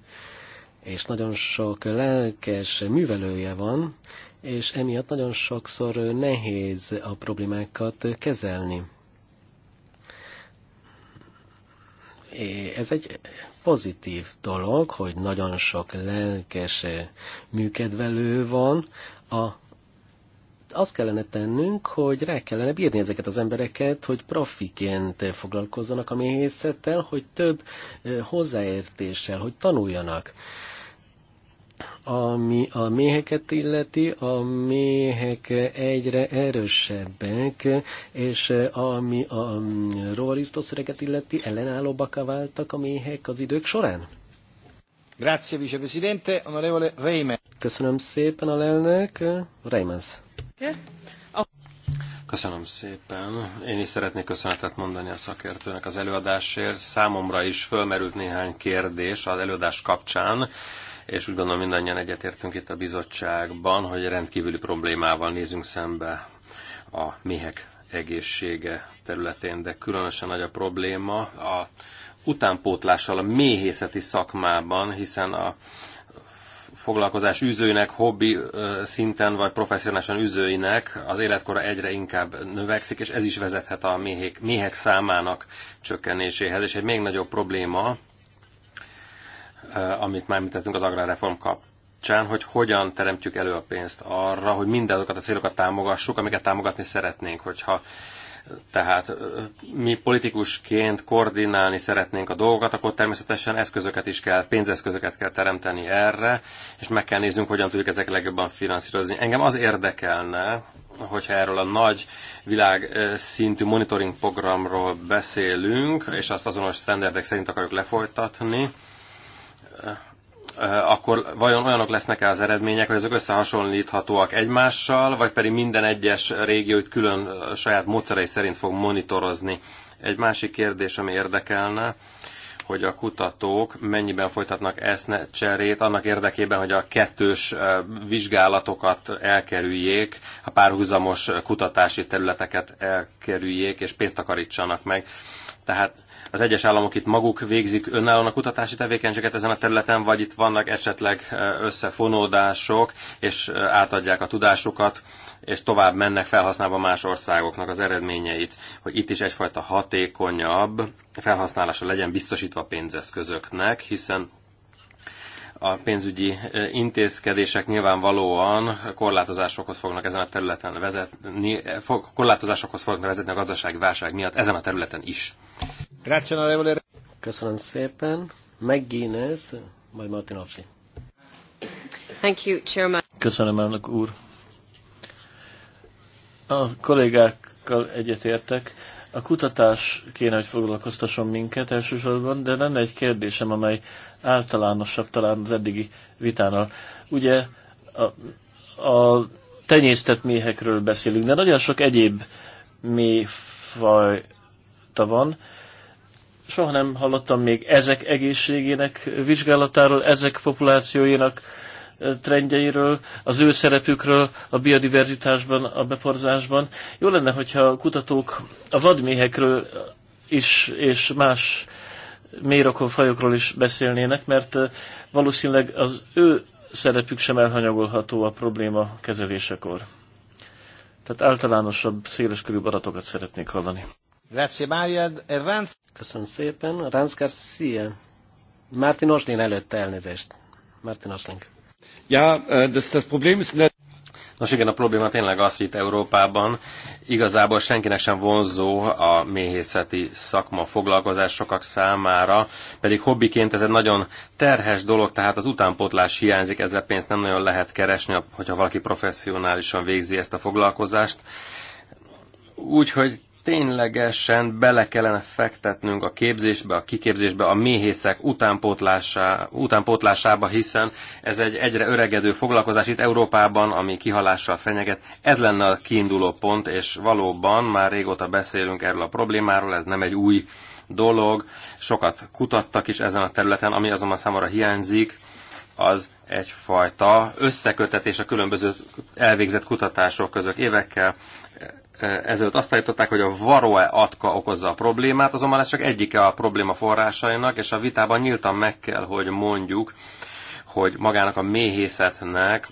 Speaker 1: és nagyon sok lelkes művelője van, és emiatt nagyon sokszor nehéz a problémákat kezelni. Ez egy pozitív dolog, hogy nagyon sok lelkes műkedvelő van a azt kellene tennünk, hogy rá kellene bírni ezeket az embereket, hogy profiként foglalkozzanak a méhészettel, hogy több hozzáértéssel, hogy tanuljanak. Ami a méheket illeti, a méhek egyre erősebbek, és ami a mm, rovarisztószereket illeti, ellenállóbbak váltak a méhek az idők során. Grazie, vicepresidente, onorevole Reimer. Köszönöm szépen a lelnök, Reimers
Speaker 4: Köszönöm szépen. Én is szeretnék köszönetet mondani a szakértőnek az előadásért. Számomra is fölmerült néhány kérdés az előadás kapcsán, és úgy gondolom mindannyian egyetértünk itt a bizottságban, hogy rendkívüli problémával nézünk szembe a méhek egészsége területén, de különösen nagy a probléma a utánpótlással a méhészeti szakmában, hiszen a foglalkozás üzőinek, hobbi szinten vagy professzionálisan üzőinek az életkora egyre inkább növekszik, és ez is vezethet a méhek, méhek számának csökkenéséhez. És egy még nagyobb probléma, amit már említettünk az agrárreform kapcsán, hogy hogyan teremtjük elő a pénzt arra, hogy mindazokat a célokat támogassuk, amiket támogatni szeretnénk. Hogyha tehát mi politikusként koordinálni szeretnénk a dolgokat, akkor természetesen eszközöket is kell, pénzeszközöket kell teremteni erre, és meg kell néznünk, hogyan tudjuk ezek legjobban finanszírozni. Engem az érdekelne, hogyha erről a nagy világszintű monitoring programról beszélünk, és azt azonos standardek szerint akarjuk lefolytatni, Eh, akkor vajon olyanok lesznek-e az eredmények, hogy ezek összehasonlíthatóak egymással, vagy pedig minden egyes régiót külön eh, saját módszerei szerint fog monitorozni. Egy másik kérdés, ami érdekelne, hogy a kutatók mennyiben folytatnak eszne cserét annak érdekében, hogy a kettős eh, vizsgálatokat elkerüljék, a párhuzamos kutatási területeket elkerüljék, és pénzt takarítsanak meg. Tehát az egyes államok itt maguk végzik önállóan a kutatási tevékenységet ezen a területen, vagy itt vannak esetleg összefonódások, és átadják a tudásukat, és tovább mennek felhasználva más országoknak az eredményeit, hogy itt is egyfajta hatékonyabb felhasználása legyen biztosítva pénzeszközöknek, hiszen a pénzügyi intézkedések nyilvánvalóan korlátozásokhoz fognak ezen a területen vezetni, eh, korlátozásokhoz fognak vezetni a gazdasági válság miatt ezen a területen is.
Speaker 1: Köszönöm szépen. Megínez, majd Martin Opsi. Thank you, Chairman.
Speaker 2: Köszönöm, elnök úr. A kollégákkal egyetértek a kutatás kéne, hogy foglalkoztasson minket elsősorban, de lenne egy kérdésem, amely általánosabb talán az eddigi vitánál. Ugye a, a tenyésztett méhekről beszélünk, de nagyon sok egyéb méhfajta van. Soha nem hallottam még ezek egészségének vizsgálatáról, ezek populációinak trendjeiről, az ő szerepükről a biodiverzitásban, a beporzásban. Jó lenne, hogyha a kutatók a vadméhekről is, és más mérokon fajokról is beszélnének, mert valószínűleg az ő szerepük sem elhanyagolható a probléma kezelésekor. Tehát általánosabb, körű adatokat szeretnék hallani.
Speaker 4: Grazie, Mária. E Ranz... Köszönöm
Speaker 1: szépen. Ránc Garcia. Martin Oslin előtte elnézést. Martin Oslin.
Speaker 4: Ja, das, das Problem ist... Nos igen, a probléma tényleg az, hogy itt Európában igazából senkinek sem vonzó a méhészeti szakma foglalkozás sokak számára, pedig hobbiként ez egy nagyon terhes dolog, tehát az utánpótlás hiányzik, ezzel pénzt nem nagyon lehet keresni, hogyha valaki professzionálisan végzi ezt a foglalkozást. Úgyhogy ténylegesen bele kellene fektetnünk a képzésbe, a kiképzésbe, a méhészek utánpótlásá, utánpótlásába, hiszen ez egy egyre öregedő foglalkozás itt Európában, ami kihalással fenyeget. Ez lenne a kiinduló pont, és valóban már régóta beszélünk erről a problémáról, ez nem egy új dolog. Sokat kutattak is ezen a területen, ami azonban számomra hiányzik, az egyfajta összekötetés a különböző elvégzett kutatások között évekkel ezelőtt azt állították, hogy a varoe atka okozza a problémát, azonban ez csak egyike a probléma forrásainak, és a vitában nyíltan meg kell, hogy mondjuk, hogy magának a méhészetnek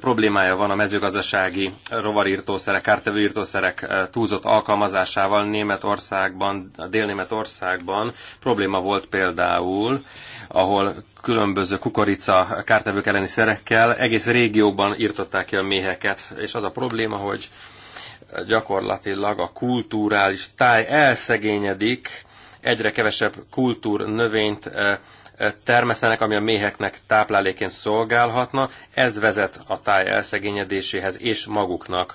Speaker 4: problémája van a mezőgazdasági rovarírtószerek, kártevőírtószerek túlzott alkalmazásával Németországban, a Dél-Németországban probléma volt például, ahol különböző kukorica kártevők elleni szerekkel egész régióban írtották ki a méheket, és az a probléma, hogy gyakorlatilag a kulturális táj elszegényedik, egyre kevesebb kultúr növényt eh, eh, termesztenek, ami a méheknek tápláléként szolgálhatna. Ez vezet a táj elszegényedéséhez és maguknak,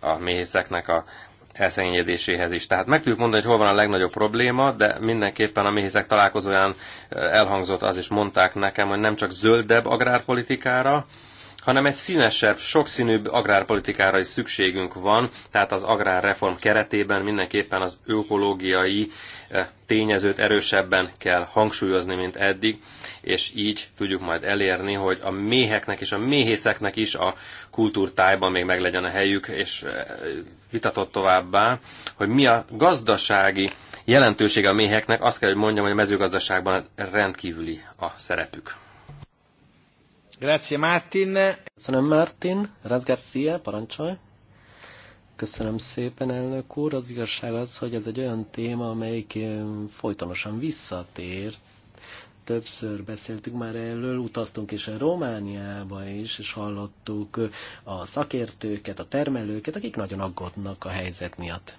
Speaker 4: a méhészeknek a elszegényedéséhez is. Tehát meg tudjuk mondani, hogy hol van a legnagyobb probléma, de mindenképpen a méhészek találkozóján eh, elhangzott az is mondták nekem, hogy nem csak zöldebb agrárpolitikára, hanem egy színesebb, sokszínűbb agrárpolitikára is szükségünk van, tehát az agrárreform keretében mindenképpen az ökológiai eh, tényezőt erősebben kell hangsúlyozni, mint eddig, és így tudjuk majd elérni, hogy a méheknek és a méhészeknek is a kultúrtájban még meglegyen a helyük, és eh, vitatott továbbá, hogy mi a gazdasági jelentősége a méheknek, azt kell, hogy mondjam, hogy a mezőgazdaságban rendkívüli a szerepük.
Speaker 1: Grazie, Martin. Köszönöm, Martin. Raz Garcia, parancsolj. Köszönöm szépen, elnök úr. Az igazság az, hogy ez egy olyan téma, amelyik folytonosan visszatér. Többször beszéltük már erről, utaztunk is a Romániába is, és hallottuk a szakértőket, a termelőket, akik nagyon aggódnak a helyzet miatt.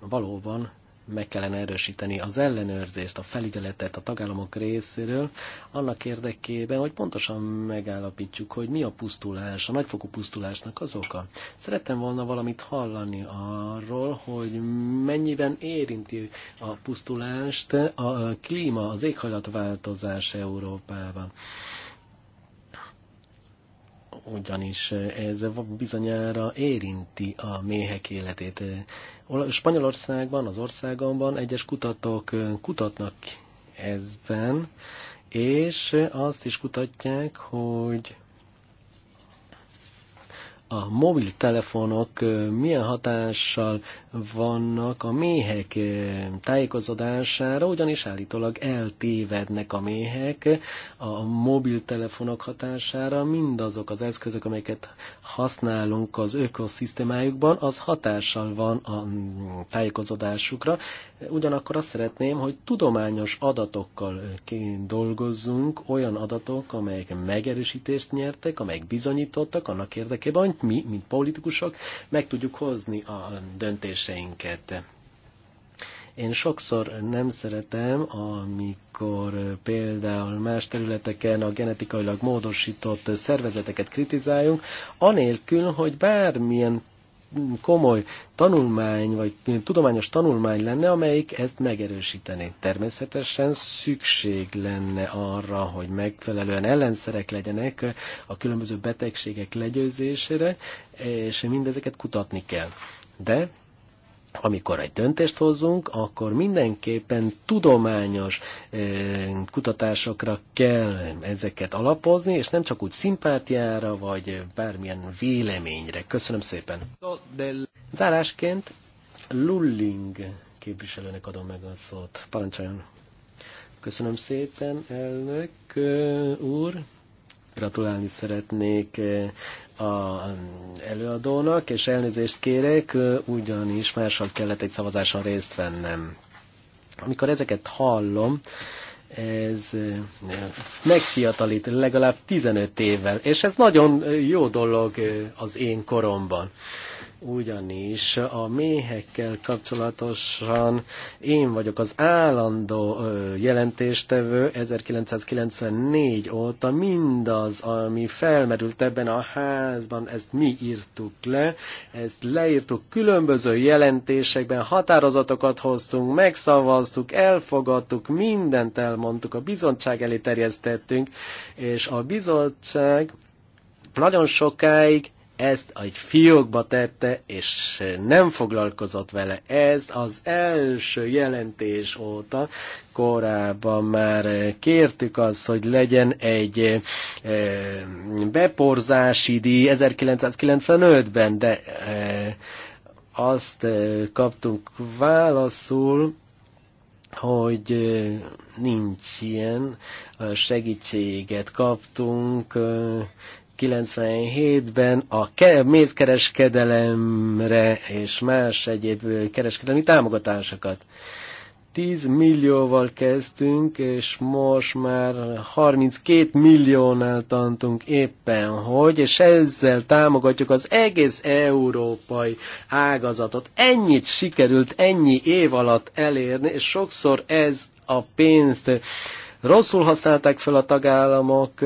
Speaker 1: Valóban meg kellene erősíteni az ellenőrzést, a felügyeletet a tagállamok részéről, annak érdekében, hogy pontosan megállapítjuk, hogy mi a pusztulás, a nagyfokú pusztulásnak az oka. Szerettem volna valamit hallani arról, hogy mennyiben érinti a pusztulást a klíma, az éghajlatváltozás Európában ugyanis ez bizonyára érinti a méhek életét. Spanyolországban, az országomban egyes kutatók kutatnak ezben, és azt is kutatják, hogy a mobiltelefonok milyen hatással vannak a méhek tájékozódására, ugyanis állítólag eltévednek a méhek a mobiltelefonok hatására, mindazok az eszközök, amelyeket használunk az ökoszisztémájukban, az hatással van a mm, tájékozódásukra, Ugyanakkor azt szeretném, hogy tudományos adatokkal dolgozzunk, olyan adatok, amelyek megerősítést nyertek, amelyek bizonyítottak annak érdekében, hogy mi, mint politikusok, meg tudjuk hozni a döntéseinket. Én sokszor nem szeretem, amikor például más területeken a genetikailag módosított szervezeteket kritizáljunk, anélkül, hogy bármilyen komoly tanulmány, vagy tudományos tanulmány lenne, amelyik ezt megerősítené. Természetesen szükség lenne arra, hogy megfelelően ellenszerek legyenek a különböző betegségek legyőzésére, és mindezeket kutatni kell. De amikor egy döntést hozzunk, akkor mindenképpen tudományos eh, kutatásokra kell ezeket alapozni, és nem csak úgy szimpátiára, vagy bármilyen véleményre. Köszönöm szépen. Zárásként Lulling képviselőnek adom meg a szót. Parancsoljon. Köszönöm szépen, elnök eh, úr. Gratulálni szeretnék eh, a előadónak, és elnézést kérek, ugyanis máshol kellett egy szavazáson részt vennem. Amikor ezeket hallom, ez megfiatalít legalább 15 évvel, és ez nagyon jó dolog az én koromban ugyanis a méhekkel kapcsolatosan én vagyok az állandó jelentéstevő 1994 óta mindaz, ami felmerült ebben a házban, ezt mi írtuk le, ezt leírtuk különböző jelentésekben, határozatokat hoztunk, megszavaztuk, elfogadtuk, mindent elmondtuk, a bizottság elé terjesztettünk, és a bizottság nagyon sokáig ezt egy fiókba tette, és nem foglalkozott vele. Ez az első jelentés óta, korábban már kértük az, hogy legyen egy eh, beporzási díj 1995-ben, de eh, azt eh, kaptunk válaszul, hogy nincs ilyen segítséget kaptunk 97-ben a mézkereskedelemre és más egyéb kereskedelmi támogatásokat. 10 millióval kezdtünk, és most már 32 milliónál tantunk éppen hogy, és ezzel támogatjuk az egész európai ágazatot. Ennyit sikerült ennyi év alatt elérni, és sokszor ez a pénzt rosszul használták fel a tagállamok,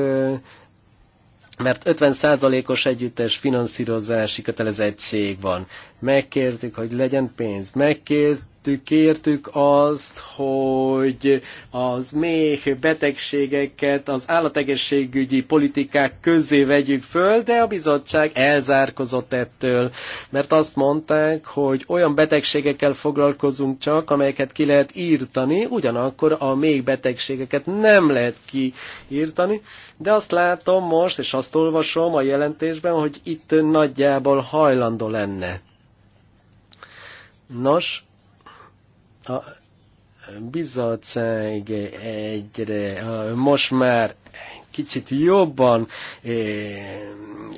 Speaker 1: mert 50%-os együttes finanszírozási kötelezettség van. Megkértük, hogy legyen pénz. Megkért, kértük, kértük azt, hogy az méh betegségeket az állategészségügyi politikák közé vegyük föl, de a bizottság elzárkozott ettől, mert azt mondták, hogy olyan betegségekkel foglalkozunk csak, amelyeket ki lehet írtani, ugyanakkor a méh betegségeket nem lehet kiírtani, de azt látom most, és azt olvasom a jelentésben, hogy itt nagyjából hajlandó lenne. Nos, a bizottság egyre, most már kicsit jobban eh,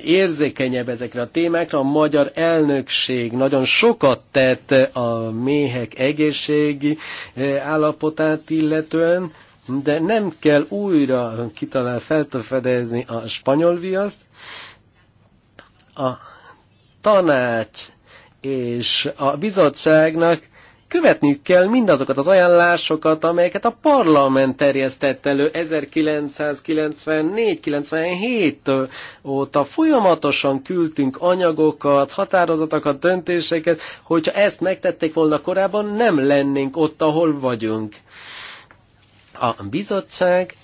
Speaker 1: érzékenyebb ezekre a témákra. A magyar elnökség nagyon sokat tett a méhek egészségi eh, állapotát illetően, de nem kell újra kitalál feltöfedezni a spanyol viaszt. A tanács és a bizottságnak követniük kell mindazokat az ajánlásokat, amelyeket a parlament terjesztett elő 1994-97 óta. Folyamatosan küldtünk anyagokat, határozatokat, döntéseket, hogyha ezt megtették volna korábban, nem lennénk ott, ahol vagyunk. A bizottság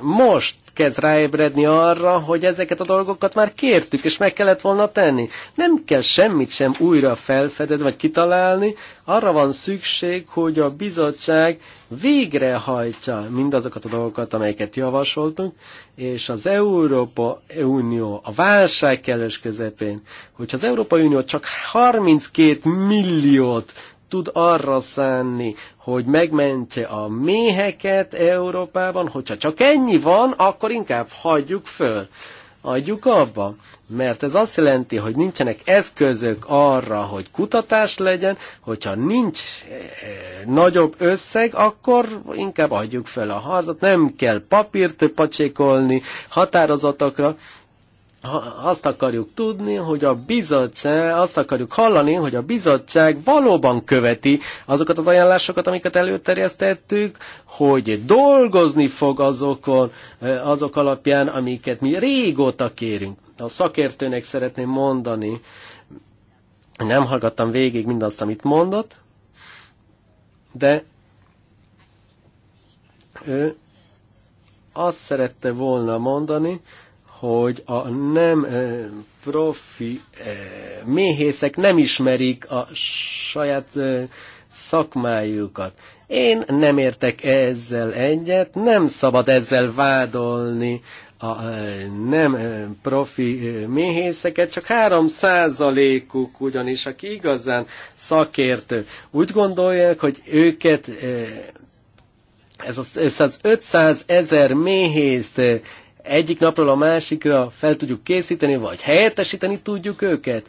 Speaker 1: most kezd ráébredni arra, hogy ezeket a dolgokat már kértük, és meg kellett volna tenni. Nem kell semmit sem újra felfedezni, vagy kitalálni, arra van szükség, hogy a bizottság végrehajtsa mindazokat a dolgokat, amelyeket javasoltunk, és az Európa Unió a válság kellős közepén, hogyha az Európa Unió csak 32 milliót tud arra szánni, hogy megmentse a méheket Európában, hogyha csak ennyi van, akkor inkább hagyjuk föl. Adjuk abba, mert ez azt jelenti, hogy nincsenek eszközök arra, hogy kutatás legyen, hogyha nincs eh, nagyobb összeg, akkor inkább adjuk fel a harcot, nem kell papírt pacsékolni határozatokra, azt akarjuk tudni, hogy a bizottság, azt akarjuk hallani, hogy a bizottság valóban követi azokat az ajánlásokat, amiket előterjesztettük, hogy dolgozni fog azokon, azok alapján, amiket mi régóta kérünk. A szakértőnek szeretném mondani, nem hallgattam végig mindazt, amit mondott, de ő azt szerette volna mondani, hogy a nem profi méhészek nem ismerik a saját szakmájukat. Én nem értek ezzel egyet, nem szabad ezzel vádolni a nem profi méhészeket, csak három százalékuk ugyanis, aki igazán szakértő. Úgy gondolják, hogy őket ez az, ez az 500 ezer méhészt egyik napról a másikra fel tudjuk készíteni, vagy helyettesíteni tudjuk őket?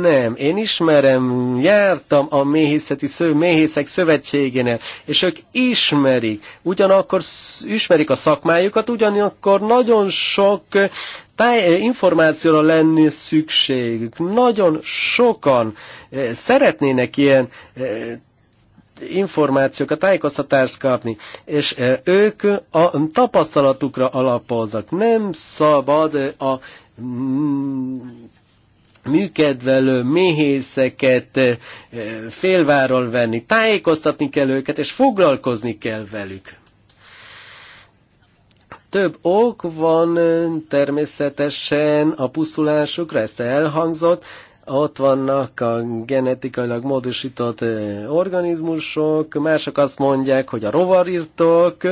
Speaker 1: Nem, én ismerem, jártam a méhészeti sző, méhészek szövetségénél, és ők ismerik, ugyanakkor ismerik a szakmájukat, ugyanakkor nagyon sok táj, információra lenni szükségük. Nagyon sokan szeretnének ilyen információkat, tájékoztatást kapni, és e, ők a tapasztalatukra alapoznak. Nem szabad e, a mm, műkedvelő méhészeket e, félváról venni. Tájékoztatni kell őket, és foglalkozni kell velük. Több ok van természetesen a pusztulásukra, ezt elhangzott, ott vannak a genetikailag módosított organizmusok, mások azt mondják, hogy a rovarirtok,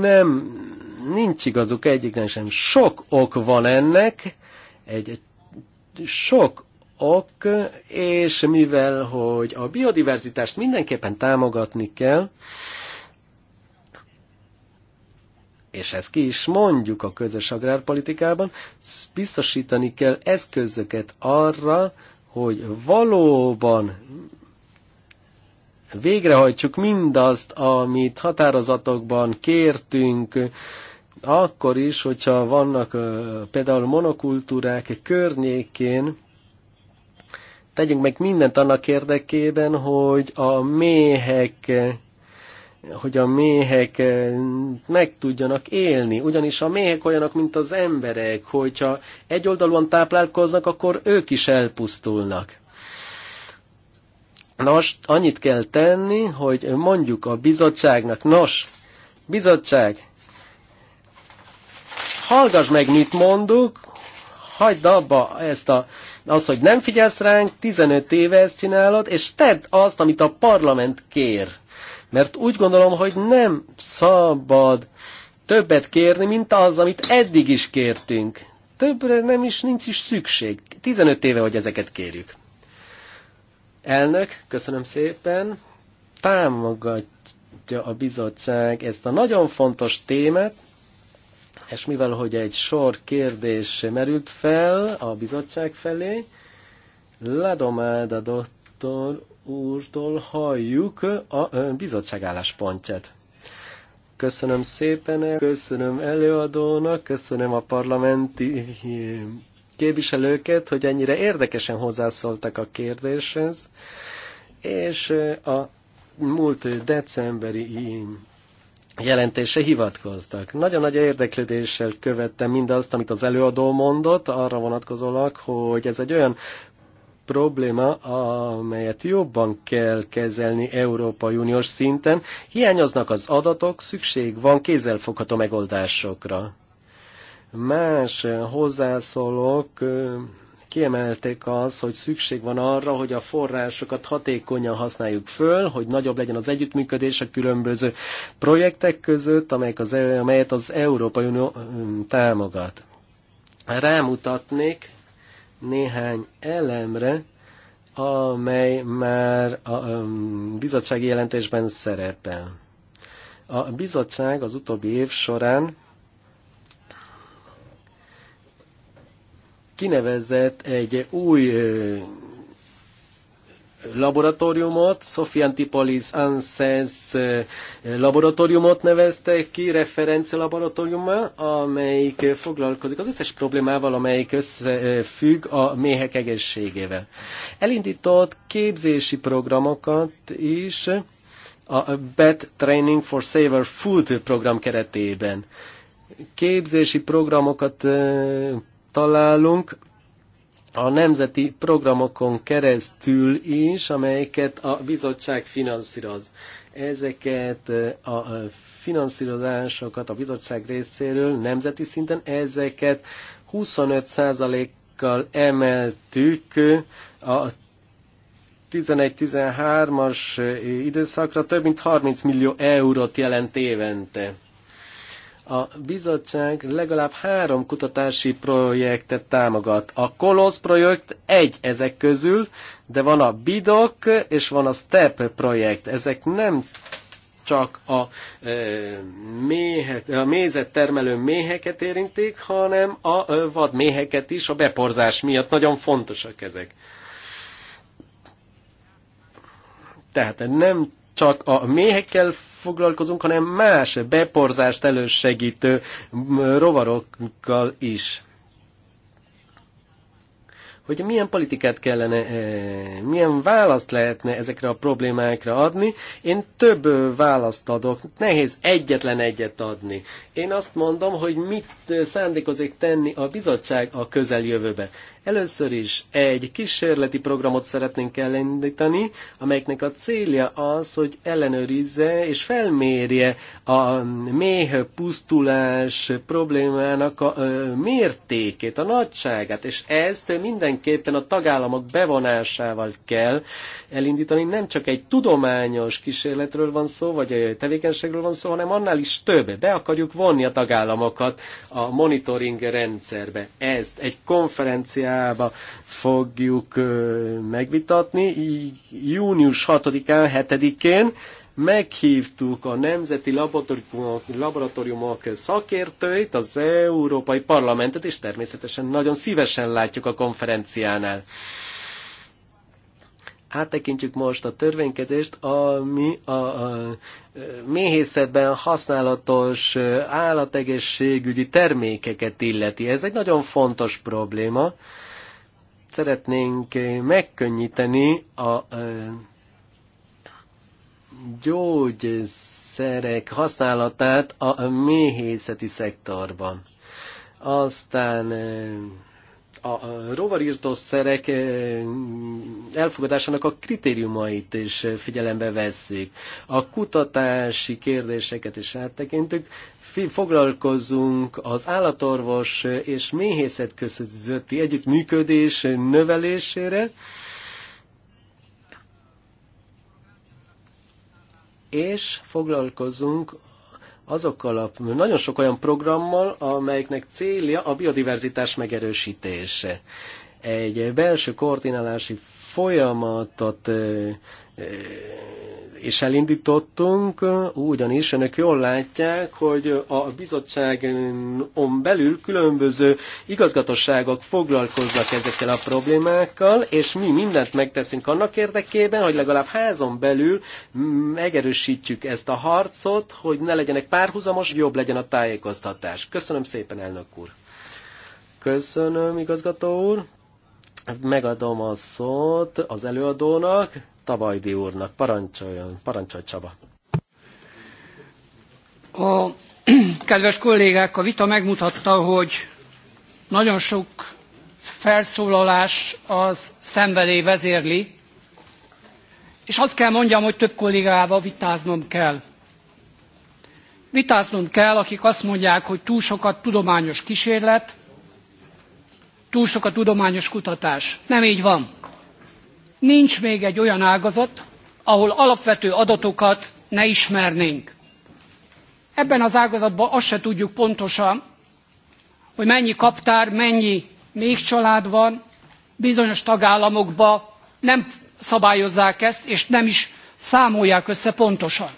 Speaker 1: nem, nincs igazuk egyiknek sem. Sok ok van ennek, egy, sok ok, és mivel, hogy a biodiverzitást mindenképpen támogatni kell, és ezt ki is mondjuk a közös agrárpolitikában, biztosítani kell eszközöket arra, hogy valóban végrehajtsuk mindazt, amit határozatokban kértünk, akkor is, hogyha vannak például monokultúrák környékén, tegyünk meg mindent annak érdekében, hogy a méhek hogy a méhek eh, meg tudjanak élni. Ugyanis a méhek olyanok, mint az emberek, hogyha egyoldalúan táplálkoznak, akkor ők is elpusztulnak. Nos, annyit kell tenni, hogy mondjuk a bizottságnak, nos, bizottság, hallgass meg, mit mondunk, hagyd abba ezt a, az, hogy nem figyelsz ránk, 15 éve ezt csinálod, és tedd azt, amit a parlament kér. Mert úgy gondolom, hogy nem szabad többet kérni, mint az, amit eddig is kértünk. Többre nem is, nincs is szükség. 15 éve, hogy ezeket kérjük. Elnök, köszönöm szépen, támogatja a bizottság ezt a nagyon fontos témát, és mivel, hogy egy sor kérdés merült fel a bizottság felé, Ladomáda doktor úrtól halljuk a bizottság álláspontját. Köszönöm szépen, köszönöm előadónak, köszönöm a parlamenti eh, képviselőket, hogy ennyire érdekesen hozzászóltak a kérdéshez, és a múlt decemberi jelentése hivatkoztak. Nagyon nagy érdeklődéssel követtem mindazt, amit az előadó mondott, arra vonatkozólag, hogy ez egy olyan probléma, amelyet jobban kell kezelni Európai Uniós szinten. Hiányoznak az adatok, szükség van kézzelfogható megoldásokra. Más hozzászólók kiemelték az, hogy szükség van arra, hogy a forrásokat hatékonyan használjuk föl, hogy nagyobb legyen az együttműködés a különböző projektek között, amelyek az, e, amelyet az Európai Unió támogat. Rámutatnék néhány elemre, amely már a um, bizottsági jelentésben szerepel. A bizottság az utóbbi év során kinevezett egy új laboratóriumot, Sofian Tipolis Ansens eh, laboratóriumot neveztek ki, referencia laboratóriuma, amelyik eh, foglalkozik az összes problémával, amelyik összefügg a méhek egészségével. Elindított képzési programokat is a Bet Training for Saver Food program keretében. Képzési programokat eh, találunk, a nemzeti programokon keresztül is, amelyeket a bizottság finanszíroz. Ezeket eh, a eh, finanszírozásokat a bizottság részéről nemzeti szinten, ezeket 25%-kal emeltük eh, a 11-13-as időszakra, több mint 30 millió eurót jelent évente a bizottság legalább három kutatási projektet támogat. A Kolosz projekt egy ezek közül, de van a BIDOK és van a STEP projekt. Ezek nem csak a, e, méhet, a mézet termelő méheket érintik, hanem a e, vad méheket is a beporzás miatt. Nagyon fontosak ezek. Tehát nem csak a méhekkel foglalkozunk, hanem más beporzást elősegítő rovarokkal is. Hogy milyen politikát kellene, e, milyen választ lehetne ezekre a problémákra adni. Én több választ adok, nehéz egyetlen egyet adni. Én azt mondom, hogy mit szándékozik tenni a bizottság a közeljövőbe. Először is egy kísérleti programot szeretnénk elindítani, amelyiknek a célja az, hogy ellenőrizze és felmérje a méh pusztulás problémának a mértékét, a nagyságát, és ezt mindenképpen a tagállamok bevonásával kell elindítani. Nem csak egy tudományos kísérletről van szó, vagy tevékenységről van szó, hanem annál is több. Be akarjuk vonni a tagállamokat a monitoring rendszerbe. Ezt egy konferencián irányába fogjuk megvitatni. Június 6-án, 7-én meghívtuk a nemzeti laboratóriumok, laboratóriumok szakértőit, az Európai Parlamentet, és természetesen nagyon szívesen látjuk a konferenciánál áttekintjük most a törvénykezést, ami a, a e, méhészetben használatos e, állategészségügyi termékeket illeti. Ez egy nagyon fontos probléma. Szeretnénk megkönnyíteni a, a e, gyógyszerek használatát a méhészeti szektorban. Aztán a szerek eh, elfogadásának a kritériumait is figyelembe vesszük. A kutatási kérdéseket is áttekintük. foglalkozunk az állatorvos és méhészet közötti együttműködés növelésére, és foglalkozunk azokkal a, nagyon sok olyan programmal, amelyeknek célja a biodiverzitás megerősítése. Egy belső koordinálási folyamatot és elindítottunk, ugyanis önök jól látják, hogy a bizottságon belül különböző igazgatóságok foglalkoznak ezekkel a problémákkal, és mi mindent megteszünk annak érdekében, hogy legalább házon belül megerősítjük ezt a harcot, hogy ne legyenek párhuzamos, jobb legyen a tájékoztatás. Köszönöm szépen, elnök úr! Köszönöm, igazgató úr! megadom a szót az előadónak, Tabajdi úrnak. Parancsoljon, parancsolj Csaba.
Speaker 3: A kedves kollégák, a vita megmutatta, hogy nagyon sok felszólalás az szenvedély vezérli, és azt kell mondjam, hogy több kollégával vitáznom kell. Vitáznom kell, akik azt mondják, hogy túl sokat tudományos kísérlet, túl sokat tudományos kutatás. Nem így van. Nincs még egy olyan ágazat, ahol alapvető adatokat ne ismernénk. Ebben az ágazatban azt se tudjuk pontosan, hogy mennyi kaptár, mennyi még család van, bizonyos tagállamokban nem szabályozzák ezt, és nem is számolják össze pontosan.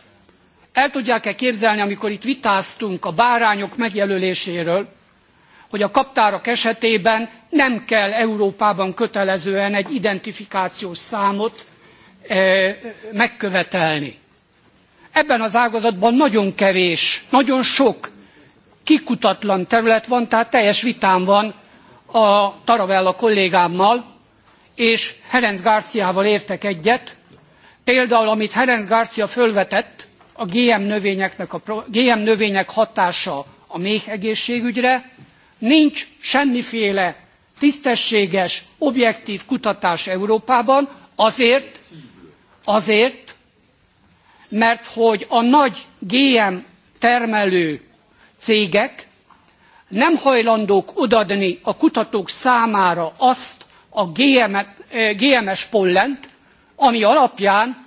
Speaker 3: El tudják-e képzelni, amikor itt vitáztunk a bárányok megjelöléséről, hogy a kaptárak esetében nem kell Európában kötelezően egy identifikációs számot eh, megkövetelni. Ebben az ágazatban nagyon kevés, nagyon sok kikutatlan terület van, tehát teljes vitám van a Taravella kollégámmal, és Herenc Garciával értek egyet. Például, amit Herenc Garcia fölvetett, a GM növényeknek a, GM növények hatása a méhegészségügyre, nincs semmiféle tisztességes, objektív kutatás Európában, azért, azért, mert hogy a nagy GM termelő cégek nem hajlandók odadni a kutatók számára azt a GM, eh, GMS pollent, ami alapján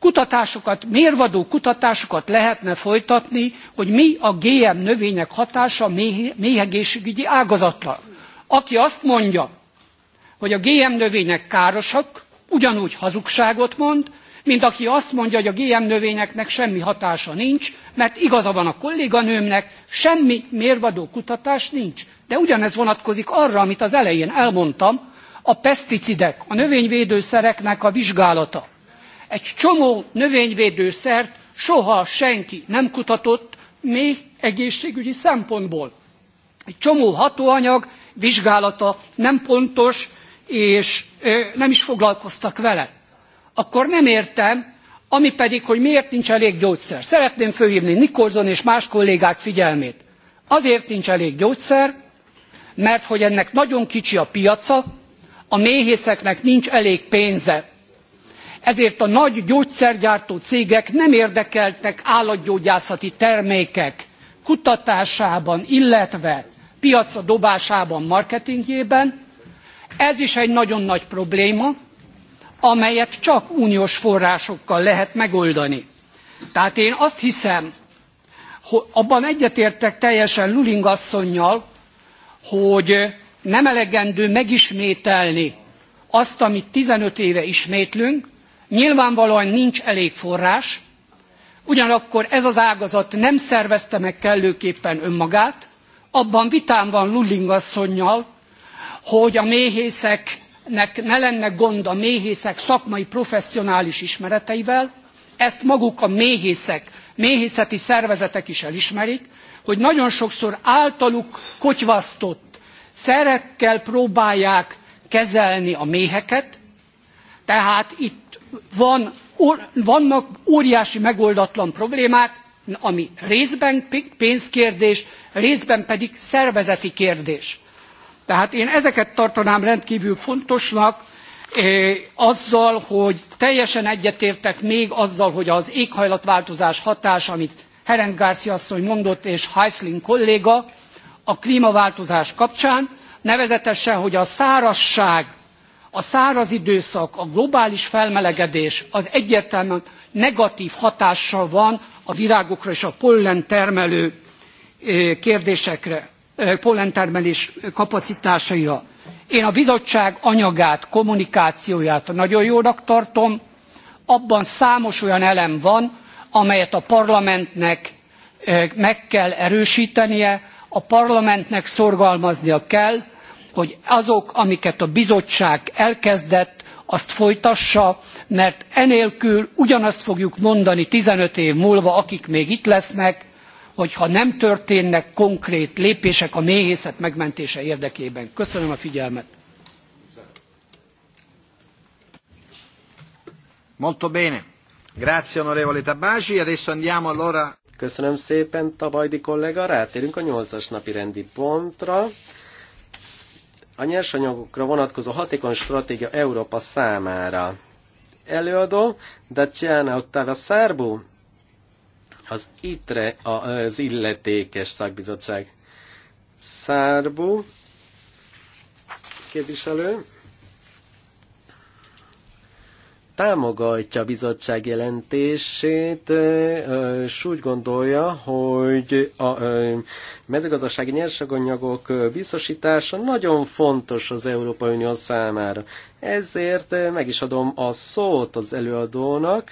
Speaker 3: kutatásokat, mérvadó kutatásokat lehetne folytatni, hogy mi a GM növények hatása a méhegészségügyi ágazatra. Aki azt mondja, hogy a GM növények károsak, ugyanúgy hazugságot mond, mint aki azt mondja, hogy a GM növényeknek semmi hatása nincs, mert igaza van a kolléganőmnek, semmi mérvadó kutatás nincs. De ugyanez vonatkozik arra, amit az elején elmondtam, a peszticidek, a növényvédőszereknek a vizsgálata. Egy csomó növényvédőszert soha senki nem kutatott, még egészségügyi szempontból. Egy csomó hatóanyag vizsgálata nem pontos, és ö, nem is foglalkoztak vele. Akkor nem értem, ami pedig, hogy miért nincs elég gyógyszer. Szeretném fölhívni Nikolzon és más kollégák figyelmét. Azért nincs elég gyógyszer, mert hogy ennek nagyon kicsi a piaca, a méhészeknek nincs elég pénze ezért a nagy gyógyszergyártó cégek nem érdekeltek állatgyógyászati termékek kutatásában, illetve piacra dobásában, marketingjében. Ez is egy nagyon nagy probléma, amelyet csak uniós forrásokkal lehet megoldani. Tehát én azt hiszem, hogy abban egyetértek teljesen Luling asszonynal, hogy nem elegendő megismételni azt, amit 15 éve ismétlünk, Nyilvánvalóan nincs elég forrás, ugyanakkor ez az ágazat nem szervezte meg kellőképpen önmagát, abban vitám van Lulling asszonynal, hogy a méhészeknek ne lenne gond a méhészek szakmai professzionális ismereteivel, ezt maguk a méhészek, méhészeti szervezetek is elismerik, hogy nagyon sokszor általuk kotyvasztott szerekkel próbálják kezelni a méheket, tehát itt van, or, vannak óriási megoldatlan problémák, ami részben pénzkérdés, részben pedig szervezeti kérdés. Tehát én ezeket tartanám rendkívül fontosnak, eh, azzal, hogy teljesen egyetértek még azzal, hogy az éghajlatváltozás hatás, amit Herenc García asszony mondott, és Heisling kolléga a klímaváltozás kapcsán, nevezetesen, hogy a szárazság a száraz időszak, a globális felmelegedés az egyértelműen negatív hatással van a virágokra és a pollen termelő kérdésekre, pollentermelés kapacitásaira. Én a bizottság anyagát, kommunikációját nagyon jónak tartom, abban számos olyan elem van, amelyet a parlamentnek meg kell erősítenie, a parlamentnek szorgalmaznia kell, hogy azok, amiket a bizottság elkezdett, azt folytassa, mert enélkül ugyanazt fogjuk mondani 15 év múlva, akik még itt lesznek, hogy ha nem történnek konkrét lépések a méhészet megmentése érdekében. Köszönöm a figyelmet.
Speaker 4: Molto bene. Grazie onorevole Tabasi. Adesso andiamo allora... Köszönöm szépen,
Speaker 1: Tabajdi kollega. Rátérünk a nyolcas napi rendi pontra a nyersanyagokra vonatkozó hatékony stratégia Európa számára. Előadó Daciana Octava Szárbú, az ITRE az illetékes szakbizottság. Szárbú képviselő támogatja a bizottság jelentését, és úgy gondolja, hogy a mezőgazdasági nyersanyagok biztosítása nagyon fontos az Európai Unió számára. Ezért meg is adom a szót az előadónak,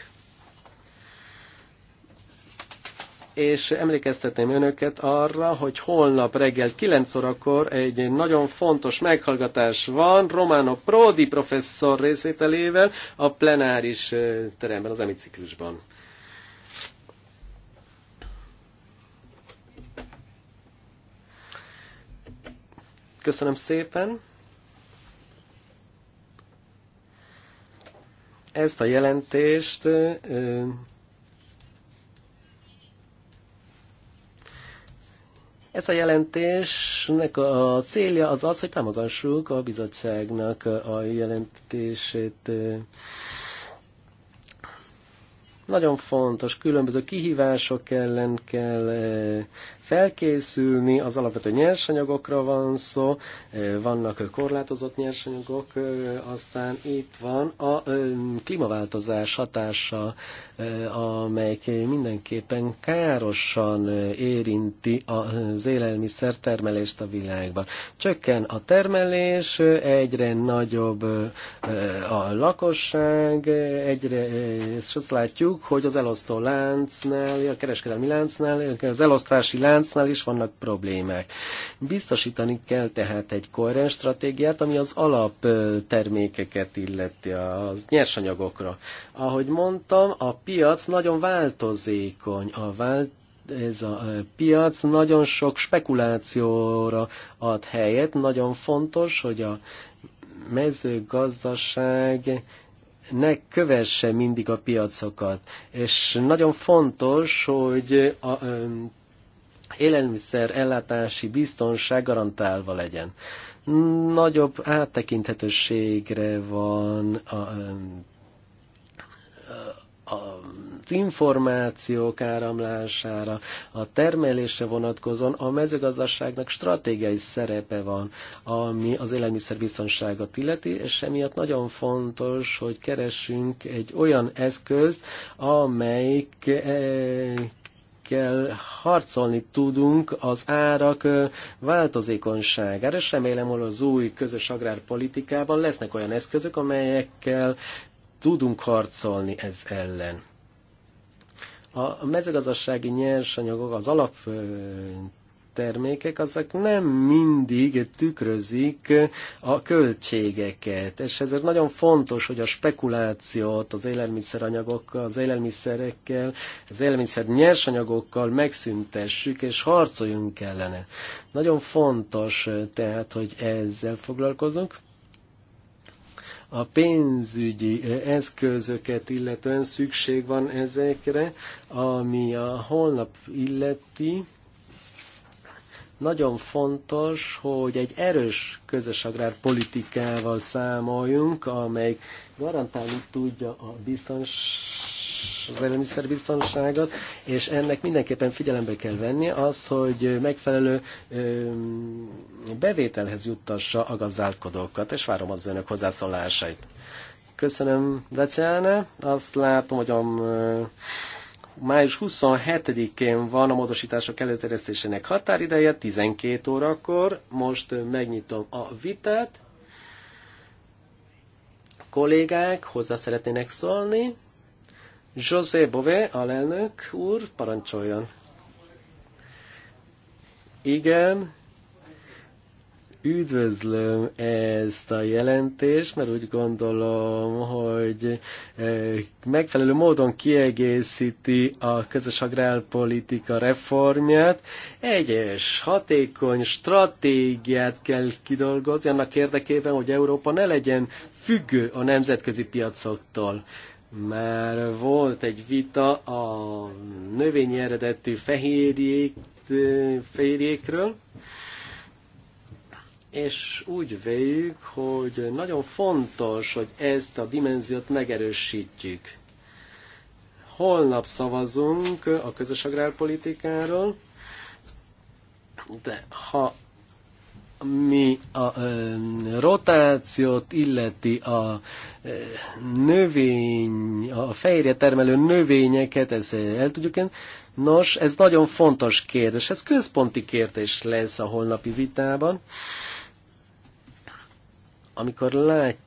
Speaker 1: és emlékeztetném önöket arra, hogy holnap reggel 9 órakor egy nagyon fontos meghallgatás van Romano Prodi professzor részvételével a plenáris eh, teremben, az emiciklusban. Köszönöm szépen! Ezt a jelentést eh, Ez a jelentésnek a célja az az, hogy támogassuk a bizottságnak a jelentését. Nagyon fontos, különböző kihívások ellen kell felkészülni, az alapvető nyersanyagokra van szó, vannak korlátozott nyersanyagok, aztán itt van a klímaváltozás hatása, amely mindenképpen károsan érinti az élelmiszer termelést a világban. Csökken a termelés, egyre nagyobb a lakosság, egyre, és azt látjuk, hogy az elosztó láncnál, a kereskedelmi láncnál, az elosztási láncnál, láncnál is vannak problémák. Biztosítani kell tehát egy koherens stratégiát, ami az alaptermékeket illeti, az nyersanyagokra. Ahogy mondtam, a piac nagyon változékony, a vált ez a piac nagyon sok spekulációra ad helyet. Nagyon fontos, hogy a mezőgazdaság ne kövesse mindig a piacokat. És nagyon fontos, hogy a élelmiszer ellátási biztonság garantálva legyen. Nagyobb áttekinthetőségre van a, a, a az információk áramlására, a termelésre vonatkozóan a mezőgazdaságnak stratégiai szerepe van, ami az élelmiszerbiztonságot illeti, és emiatt nagyon fontos, hogy keresünk egy olyan eszközt, amelyik eh, kell harcolni tudunk az árak változékonyságára, és remélem, hogy az új közös agrárpolitikában lesznek olyan eszközök, amelyekkel tudunk harcolni ez ellen. A mezőgazdasági nyersanyagok az alap termékek, azok nem mindig tükrözik a költségeket, és ezért nagyon fontos, hogy a spekulációt az élelmiszeranyagokkal, az élelmiszerekkel, az élelmiszer nyersanyagokkal megszüntessük, és harcoljunk ellene. Nagyon fontos tehát, hogy ezzel foglalkozunk a pénzügyi eszközöket illetően szükség van ezekre, ami a holnap illeti. Nagyon fontos, hogy egy erős közös agrárpolitikával számoljunk, amely garantálni tudja a biztons, az élelmiszerbiztonságot, és ennek mindenképpen figyelembe kell venni az, hogy megfelelő ö, bevételhez juttassa a gazdálkodókat, és várom az önök hozzászólásait. Köszönöm, Dacsáne. Azt látom, hogy a május 27-én van a módosítások előterjesztésének határideje, 12 órakor. Most megnyitom a vitát. kollégák hozzá szeretnének szólni. José Bové, alelnök úr, parancsoljon. Igen, Üdvözlöm ezt a jelentést, mert úgy gondolom, hogy eh, megfelelő módon kiegészíti a közös agrárpolitika reformját. Egyes, hatékony stratégiát kell kidolgozni annak érdekében, hogy Európa ne legyen függő a nemzetközi piacoktól már volt egy vita a növényi eredetű fehérjék, eh, fehérjékről, és úgy véljük, hogy nagyon fontos, hogy ezt a dimenziót megerősítjük. Holnap szavazunk a közös agrárpolitikáról, de ha mi a ö, rotációt illeti a ö, növény, a fehérje termelő növényeket, ezt el tudjuk én. Nos, ez nagyon fontos kérdés, ez központi kérdés lesz a holnapi vitában. Amikor látjuk,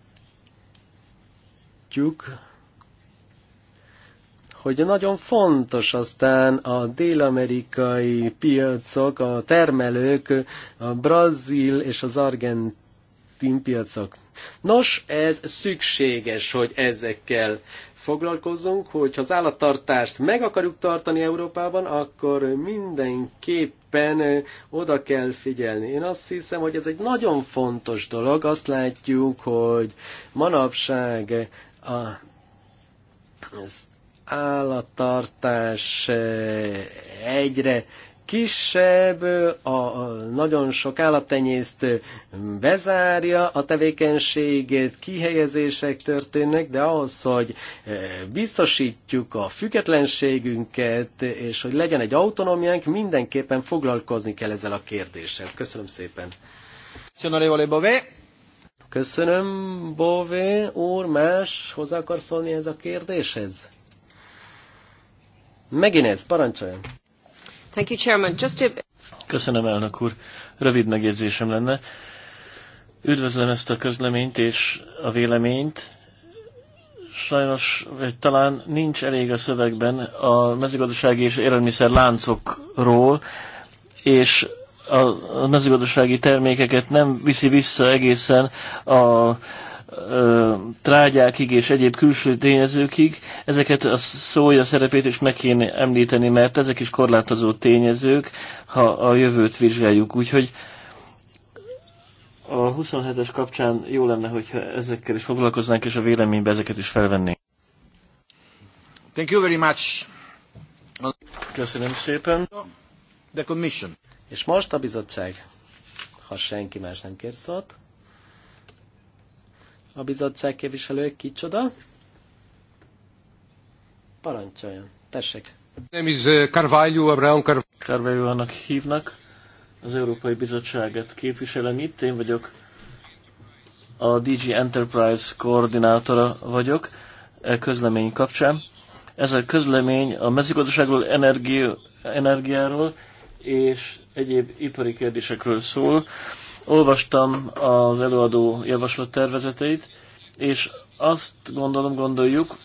Speaker 1: hogy nagyon fontos aztán a dél-amerikai piacok, a termelők, a brazil és az argentin piacok. Nos, ez szükséges, hogy ezekkel foglalkozzunk, hogy ha az állattartást meg akarjuk tartani Európában, akkor mindenképp mindenképpen oda kell figyelni. Én azt hiszem, hogy ez egy nagyon fontos dolog. Azt látjuk, hogy manapság a, az állattartás egyre kisebb, a nagyon sok állattenyésztő bezárja a tevékenységét, kihelyezések történnek, de ahhoz, hogy eh, biztosítjuk a függetlenségünket, és hogy legyen egy autonómiánk, mindenképpen foglalkozni kell ezzel a kérdéssel. Köszönöm szépen. Köszönöm, Bové úr, más hozzá akar szólni ez a kérdéshez? Megint ez, parancsoljon! Thank you,
Speaker 2: Chairman. Just to... Köszönöm, elnök úr. Rövid megjegyzésem lenne. Üdvözlöm ezt a közleményt és a véleményt. Sajnos, vagy talán nincs elég a szövegben a mezőgazdasági és élelmiszer láncokról, és a mezőgazdasági termékeket nem viszi vissza egészen a trágyákig és egyéb külső tényezőkig, ezeket a szója szerepét is meg kéne említeni, mert ezek is korlátozó tényezők, ha a jövőt vizsgáljuk. Úgyhogy a 27-es kapcsán jó lenne, hogyha ezekkel is foglalkoznánk, és a véleménybe ezeket is felvennénk. Thank you very much. Köszönöm szépen.
Speaker 1: The commission. És most a bizottság, ha senki más nem kér szót a bizottság képviselő kicsoda?
Speaker 2: Parancsoljon, tessék.
Speaker 4: Nem is eh, Carvalho, Abraham Carvalho. Carvalho annak hívnak,
Speaker 2: az Európai Bizottságot képviselem itt, én vagyok a DG Enterprise koordinátora vagyok e közlemény kapcsán. Ez a közlemény a mezőgazdaságról, energi, energiáról és egyéb ipari kérdésekről szól. Olvastam az előadó javaslat tervezeteit, és azt gondolom, gondoljuk,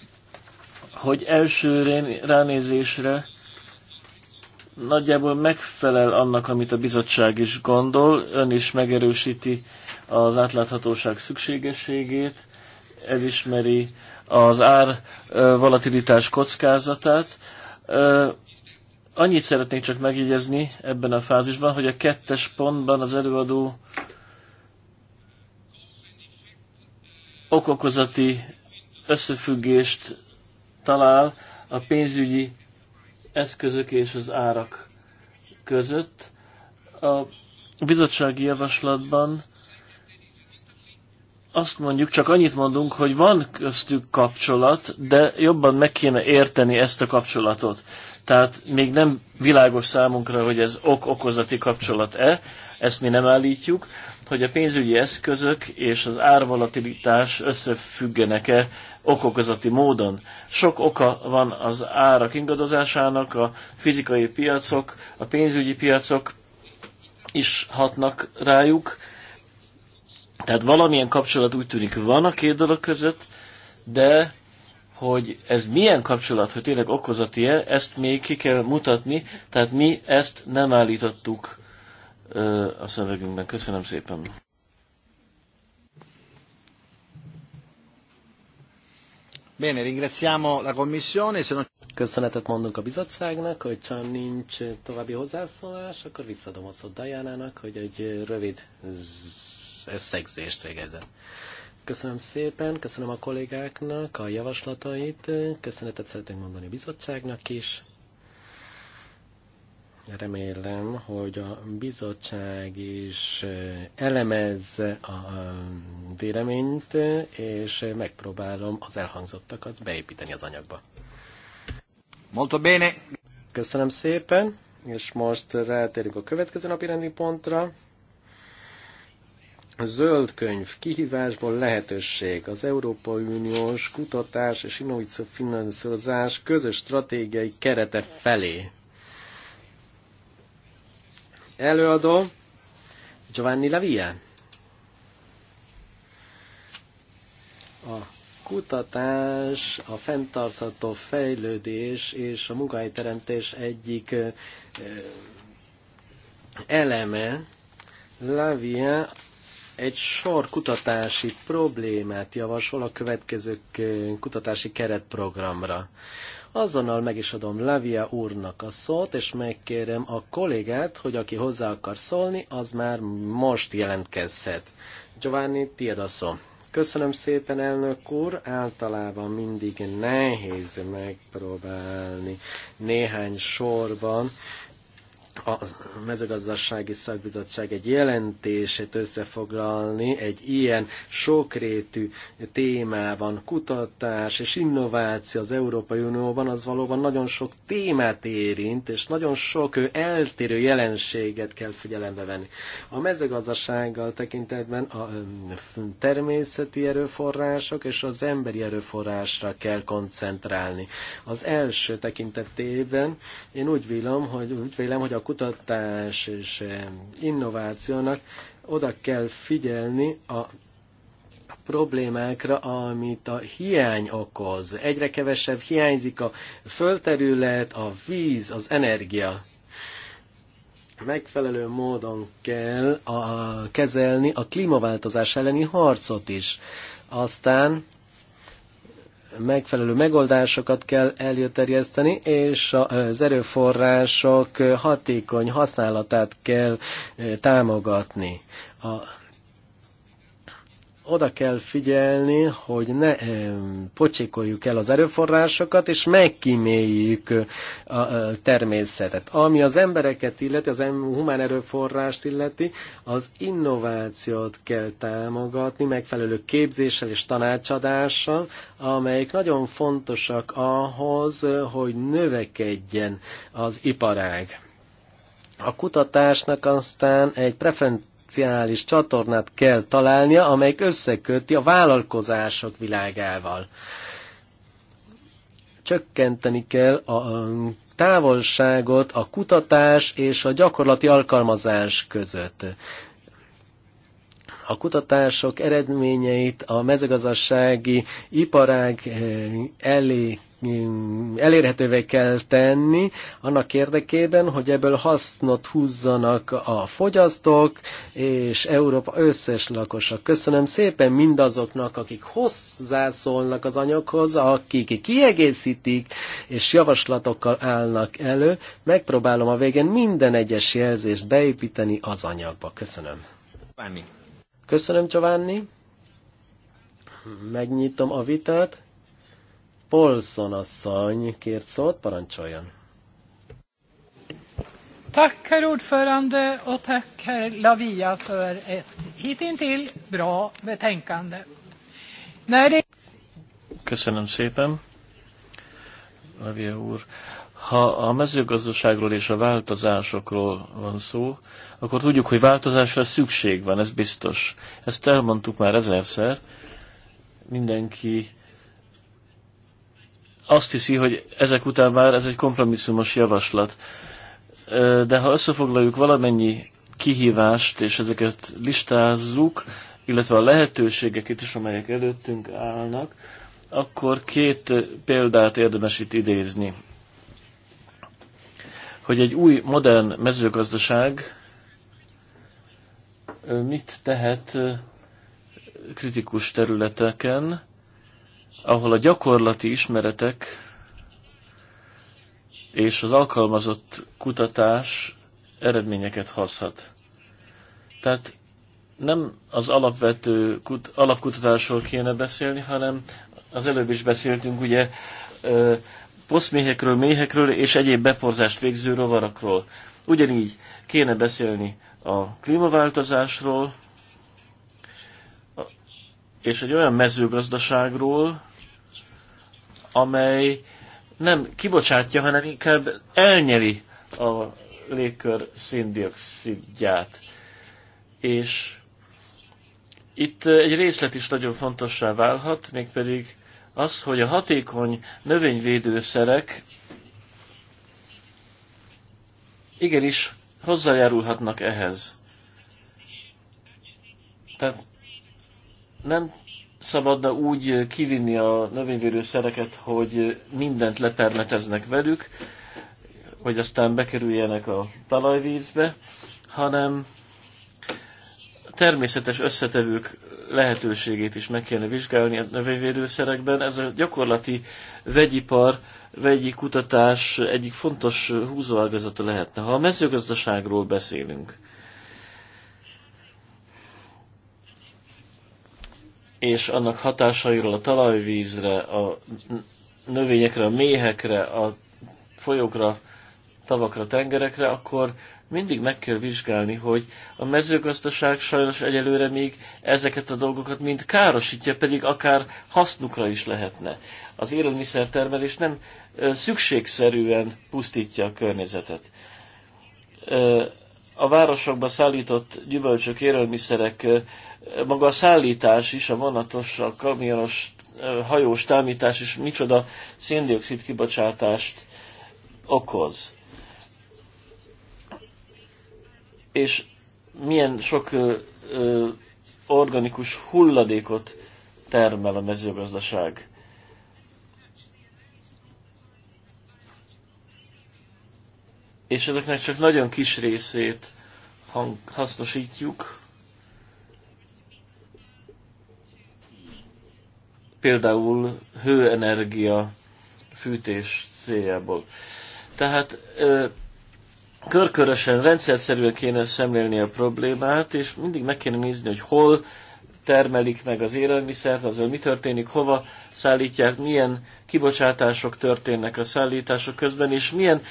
Speaker 2: hogy első ránézésre nagyjából megfelel annak, amit a bizottság is gondol, ön is megerősíti az átláthatóság szükségességét, elismeri az ár volatilitás kockázatát, Annyit szeretnék csak megjegyezni ebben a fázisban, hogy a kettes pontban az előadó okokozati összefüggést talál a pénzügyi eszközök és az árak között. A bizottsági javaslatban azt mondjuk, csak annyit mondunk, hogy van köztük kapcsolat, de jobban meg kéne érteni ezt a kapcsolatot. Tehát még nem világos számunkra, hogy ez ok-okozati kapcsolat-e, ezt mi nem állítjuk, hogy a pénzügyi eszközök és az árvolatilitás összefüggenek-e okokozati módon. Sok oka van az árak ingadozásának, a fizikai piacok, a pénzügyi piacok is hatnak rájuk. Tehát valamilyen kapcsolat úgy tűnik van a két dolog között, de hogy ez milyen kapcsolat, hogy tényleg okozati-e, ezt még ki kell mutatni, tehát mi ezt nem állítottuk ö, a szövegünkben. Köszönöm szépen. Bene, ringraziamo
Speaker 1: la commissione. Se non... Köszönetet mondunk a bizottságnak, hogyha nincs további hozzászólás, akkor visszadom a szót Dajánának, hogy egy rövid összegzést végezzen. Köszönöm szépen, köszönöm a kollégáknak a javaslatait, köszönetet szeretnénk mondani a bizottságnak is. Remélem, hogy a bizottság is eh, elemezze a véleményt, és megpróbálom az elhangzottakat beépíteni az anyagba. Molto bene! Köszönöm szépen, és most rátérünk a következő napi rendi pontra. Zöld könyv, kihívásból lehetőség, az Európai Uniós kutatás és innováció finanszírozás közös stratégiai kerete felé. Előadó Giovanni Lavia. A kutatás, a fenntartható fejlődés és a munkahelyteremtés egyik eh, eleme. Lavia egy sor kutatási problémát javasol a következő kutatási keretprogramra. Azonnal meg is adom Lavia úrnak a szót, és megkérem a kollégát, hogy aki hozzá akar szólni, az már most jelentkezhet. Giovanni, tiéd a szó. Köszönöm szépen, elnök úr. Általában mindig nehéz megpróbálni néhány sorban a mezőgazdasági szakbizottság egy jelentését összefoglalni egy ilyen sokrétű témában, kutatás és innováció az Európai Unióban, az valóban nagyon sok témát érint, és nagyon sok eltérő jelenséget kell figyelembe venni. A mezőgazdasággal tekintetben a természeti erőforrások és az emberi erőforrásra kell koncentrálni. Az első tekintetében én úgy vélem, hogy, úgy vélem, hogy a kutatás és eh, innovációnak oda kell figyelni a problémákra, amit a hiány okoz. Egyre kevesebb hiányzik a földterület, a víz, az energia. Megfelelő módon kell a, kezelni a klímaváltozás elleni harcot is. Aztán megfelelő megoldásokat kell előterjeszteni, és az erőforrások hatékony használatát kell eh, támogatni. A oda kell figyelni, hogy ne eh, pocsikoljuk el az erőforrásokat, és megkíméljük eh, a eh, természetet. Ami az embereket illeti, az humán erőforrást illeti, az innovációt kell támogatni megfelelő képzéssel és tanácsadással, amelyek nagyon fontosak ahhoz, hogy növekedjen az iparág. A kutatásnak aztán egy preferenciális funkcionális csatornát kell találnia, amelyik összeköti a vállalkozások világával. Csökkenteni kell a távolságot a kutatás és a gyakorlati alkalmazás között a kutatások eredményeit a mezőgazdasági iparág eh, elé elérhetővé kell tenni annak érdekében, hogy ebből hasznot húzzanak a fogyasztók és Európa összes lakosa. Köszönöm szépen mindazoknak, akik hozzászólnak az anyaghoz, akik kiegészítik és javaslatokkal állnak elő. Megpróbálom a végén minden egyes jelzést beépíteni az anyagba. Köszönöm. Köszönöm, Csavánni. Megnyitom a vitát. Polson asszony kért szót, parancsoljon.
Speaker 3: Tack herr ordförande och tack herr Lavia för ett hittintill bra betänkande. När det...
Speaker 2: Köszönöm szépen, Lavia úr. Ha a mezőgazdaságról és a változásokról van szó, akkor tudjuk, hogy változásra szükség van, ez biztos. Ezt elmondtuk már ezerszer. Mindenki azt hiszi, hogy ezek után már ez egy kompromisszumos javaslat. De ha összefoglaljuk valamennyi kihívást, és ezeket listázzuk, illetve a lehetőségeket is, amelyek előttünk állnak, akkor két példát érdemes itt idézni. Hogy egy új, modern mezőgazdaság mit tehet kritikus területeken, ahol a gyakorlati ismeretek és az alkalmazott kutatás eredményeket hozhat. Tehát nem az alapvető kut, alapkutatásról kéne beszélni, hanem az előbb is beszéltünk ugye poszméhekről, méhekről és egyéb beporzást végző rovarakról. Ugyanígy kéne beszélni a klímaváltozásról, és egy olyan mezőgazdaságról, amely nem kibocsátja, hanem inkább elnyeri a légkör széndiokszidját. És itt egy részlet is nagyon fontossá válhat, mégpedig az, hogy a hatékony növényvédőszerek igenis hozzájárulhatnak ehhez. Tehát nem szabadna úgy kivinni a szereket, hogy mindent lepermeteznek velük, hogy aztán bekerüljenek a talajvízbe, hanem természetes összetevők lehetőségét is meg kellene vizsgálni a növényvédőszerekben. Ez a gyakorlati vegyipar, vegyi kutatás egyik fontos húzóágazata lehetne. Ha a mezőgazdaságról beszélünk, és annak hatásairól a talajvízre, a növényekre, a méhekre, a folyókra, tavakra, tengerekre, akkor mindig meg kell vizsgálni, hogy a mezőgazdaság sajnos egyelőre még ezeket a dolgokat mind károsítja, pedig akár hasznukra is lehetne. Az élelmiszertermelés nem szükségszerűen pusztítja a környezetet. A városokba szállított gyümölcsök, élelmiszerek maga a szállítás is, a vonatos, a kamionos, hajós támítás is micsoda széndiokszid kibocsátást okoz. És milyen sok ö, ö, organikus hulladékot termel a mezőgazdaság. És ezeknek csak nagyon kis részét hang, hasznosítjuk. például hőenergia fűtés céljából. Tehát ö, körkörösen, rendszerszerűen kéne szemlélni a problémát, és mindig meg kéne nézni, hogy hol termelik meg az élelmiszert, azzal mi történik, hova szállítják, milyen kibocsátások történnek a szállítások közben, és milyen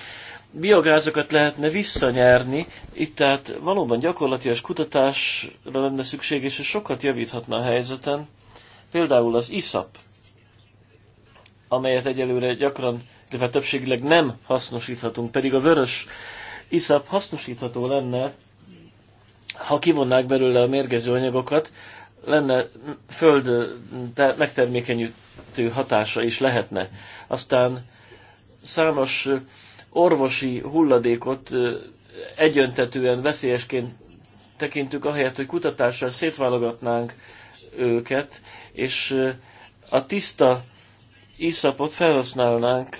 Speaker 2: biogázokat lehetne visszanyerni. Itt tehát valóban gyakorlatilag kutatásra lenne szükség, és sokat javíthatna a helyzeten. Például az ISAP, amelyet egyelőre gyakran, de többségileg nem hasznosíthatunk, pedig a vörös ISAP hasznosítható lenne, ha kivonnák belőle a mérgező anyagokat, lenne föld megtermékenyítő hatása is lehetne. Aztán számos orvosi hulladékot egyöntetően veszélyesként tekintük ahelyett, hogy kutatással szétválogatnánk őket, és a tiszta iszapot felhasználnánk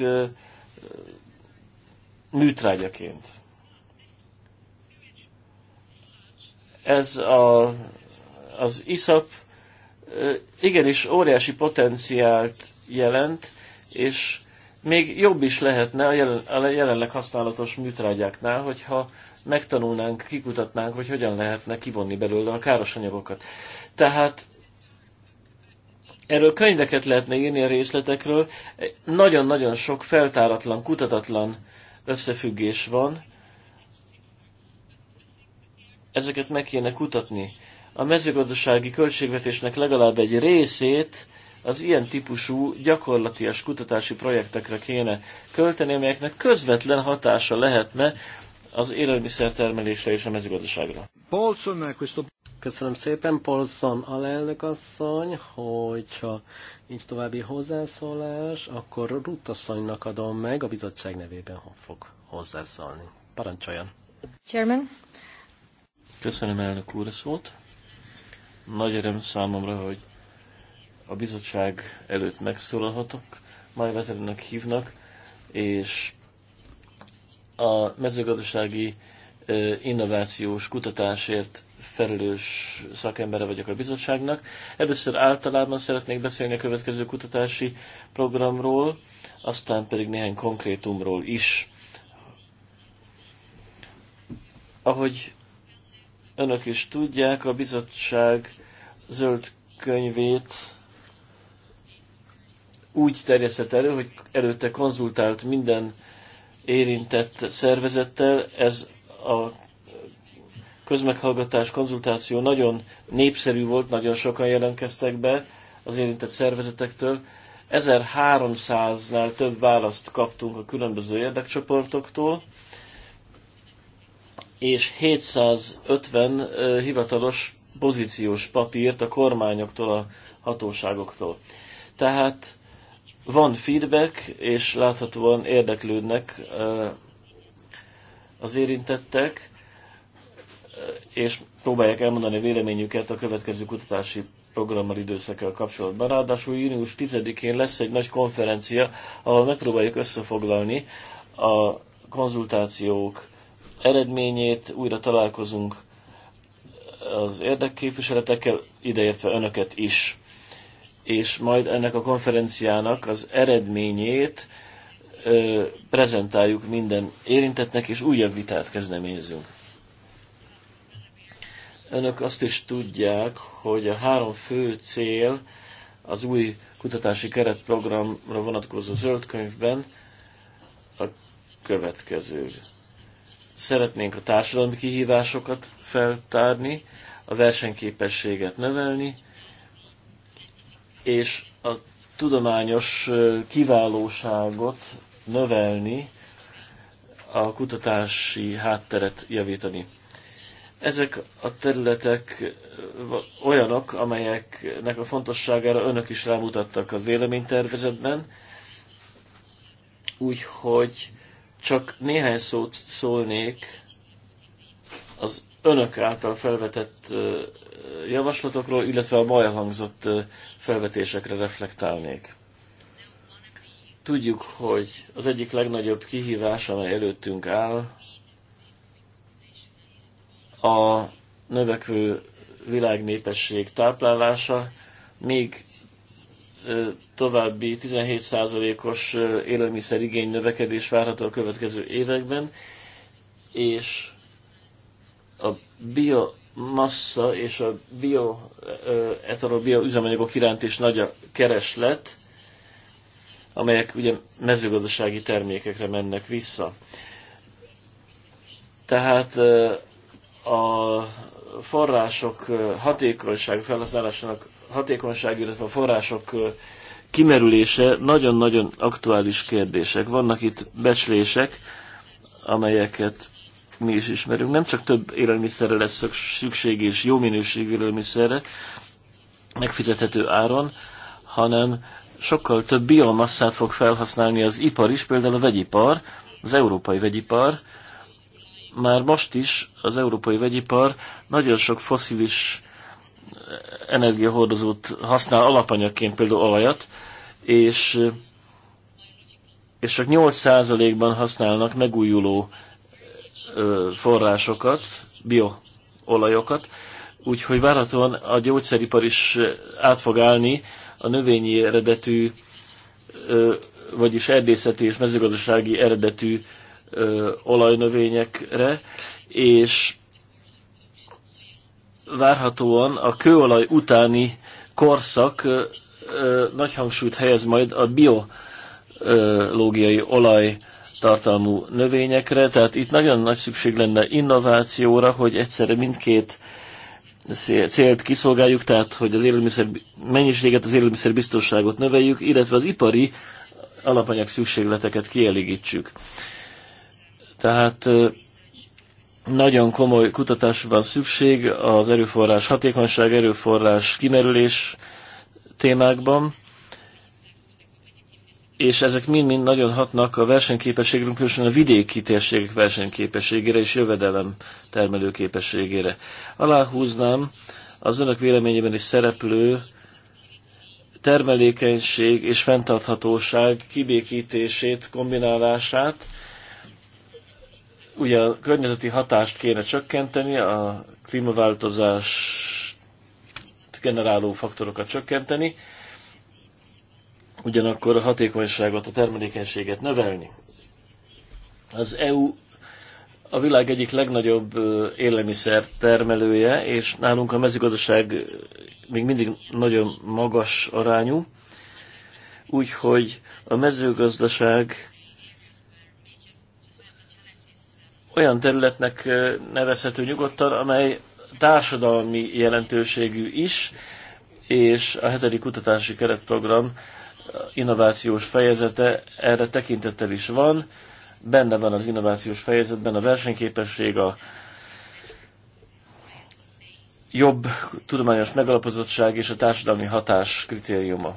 Speaker 2: műtrágyaként. Ez a, az iszap igenis óriási potenciált jelent, és még jobb is lehetne a, jelen, a jelenleg használatos műtrágyáknál, hogyha megtanulnánk, kikutatnánk, hogy hogyan lehetne kivonni belőle a káros anyagokat. Tehát Erről könyveket lehetne írni a részletekről. Nagyon-nagyon sok feltáratlan, kutatatlan összefüggés van. Ezeket meg kéne kutatni. A mezőgazdasági költségvetésnek legalább egy részét az ilyen típusú gyakorlatias kutatási projektekre kéne költeni, amelyeknek közvetlen hatása lehetne az élelmiszertermelésre és a mezőgazdaságra.
Speaker 1: Köszönöm szépen, Polson alelnök asszony, hogyha nincs további hozzászólás, akkor Ruth asszonynak adom meg, a bizottság nevében ha fog hozzászólni. Parancsoljon! Chairman.
Speaker 2: Köszönöm elnök úr a szót. Nagy öröm számomra, hogy a bizottság előtt megszólalhatok. vezetőnek hívnak, és a mezőgazdasági innovációs kutatásért felelős szakembere vagyok a bizottságnak. Először általában szeretnék beszélni a következő kutatási programról, aztán pedig néhány konkrétumról is. Ahogy önök is tudják, a bizottság zöld könyvét úgy terjesztett elő, hogy előtte konzultált minden érintett szervezettel, ez a közmeghallgatás, konzultáció nagyon népszerű volt, nagyon sokan jelentkeztek be az érintett szervezetektől. 1300-nál több választ kaptunk a különböző érdekcsoportoktól, és 750 hivatalos pozíciós papírt a kormányoktól, a hatóságoktól. Tehát van feedback, és láthatóan érdeklődnek az érintettek és próbálják elmondani véleményüket a következő kutatási programmal időszakkal kapcsolatban. Ráadásul június 10-én lesz egy nagy konferencia, ahol megpróbáljuk összefoglalni a konzultációk eredményét, újra találkozunk az érdekképviseletekkel, ideértve önöket is. És majd ennek a konferenciának az eredményét ö, prezentáljuk minden érintetnek, és újabb vitát kezdeményezünk önök azt is tudják, hogy a három fő cél az új kutatási keretprogramra vonatkozó zöldkönyvben a következő. Szeretnénk a társadalmi kihívásokat feltárni, a versenyképességet növelni, és a tudományos kiválóságot növelni, a kutatási hátteret javítani. Ezek a területek olyanok, amelyeknek a fontosságára önök is rámutattak a véleménytervezetben, úgyhogy csak néhány szót szólnék az önök által felvetett javaslatokról, illetve a ma hangzott felvetésekre reflektálnék. Tudjuk, hogy az egyik legnagyobb kihívás, amely előttünk áll, a növekvő világnépesség táplálása még további 17%-os élelmiszerigény növekedés várható a következő években, és a biomassa és a bioetanol, bioüzemanyagok iránt is nagy a kereslet, amelyek ugye mezőgazdasági termékekre mennek vissza. Tehát a források hatékonyság felhasználásának hatékonyság, illetve a források kimerülése nagyon-nagyon aktuális kérdések. Vannak itt becslések, amelyeket mi is ismerünk. Nem csak több élelmiszerre lesz szükség, és jó minőségű élelmiszerre, megfizethető áron, hanem sokkal több biomasszát fog felhasználni az ipar is, például a vegyipar, az európai vegyipar, már most is az európai vegyipar nagyon sok foszilis eh, energiahordozót használ alapanyagként, például olajat, és, eh, és csak 8%-ban használnak megújuló eh, forrásokat, bioolajokat, úgyhogy várhatóan a gyógyszeripar is át fog állni a növényi eredetű, vagyis erdészeti és mezőgazdasági eredetű ö, olajnövényekre, és várhatóan a kőolaj utáni korszak ö, ö, nagy hangsúlyt helyez majd a biológiai olaj tartalmú növényekre, tehát itt nagyon nagy szükség lenne innovációra, hogy egyszerre mindkét célt kiszolgáljuk, tehát hogy az élelmiszer mennyiséget, az élelmiszer biztonságot növeljük, illetve az ipari alapanyag szükségleteket kielégítsük. Tehát nagyon komoly kutatásra van szükség az erőforrás hatékonyság, erőforrás kimerülés témákban, és ezek mind-mind nagyon hatnak a versenyképességünk, különösen a vidéki térségek versenyképességére és jövedelem termelő képességére. Aláhúznám az önök véleményében is szereplő termelékenység és fenntarthatóság kibékítését, kombinálását, Ugye a környezeti hatást kéne csökkenteni, a klímaváltozás generáló faktorokat csökkenteni, ugyanakkor a hatékonyságot, a termelékenységet növelni. Az EU a világ egyik legnagyobb élelmiszer termelője, és nálunk a mezőgazdaság még mindig nagyon magas arányú, úgyhogy a mezőgazdaság olyan területnek nevezhető nyugodtan, amely társadalmi jelentőségű is, és a hetedik kutatási keretprogram innovációs fejezete erre tekintettel is van. Benne van az innovációs fejezetben a versenyképesség, a jobb tudományos megalapozottság és a társadalmi hatás kritériuma.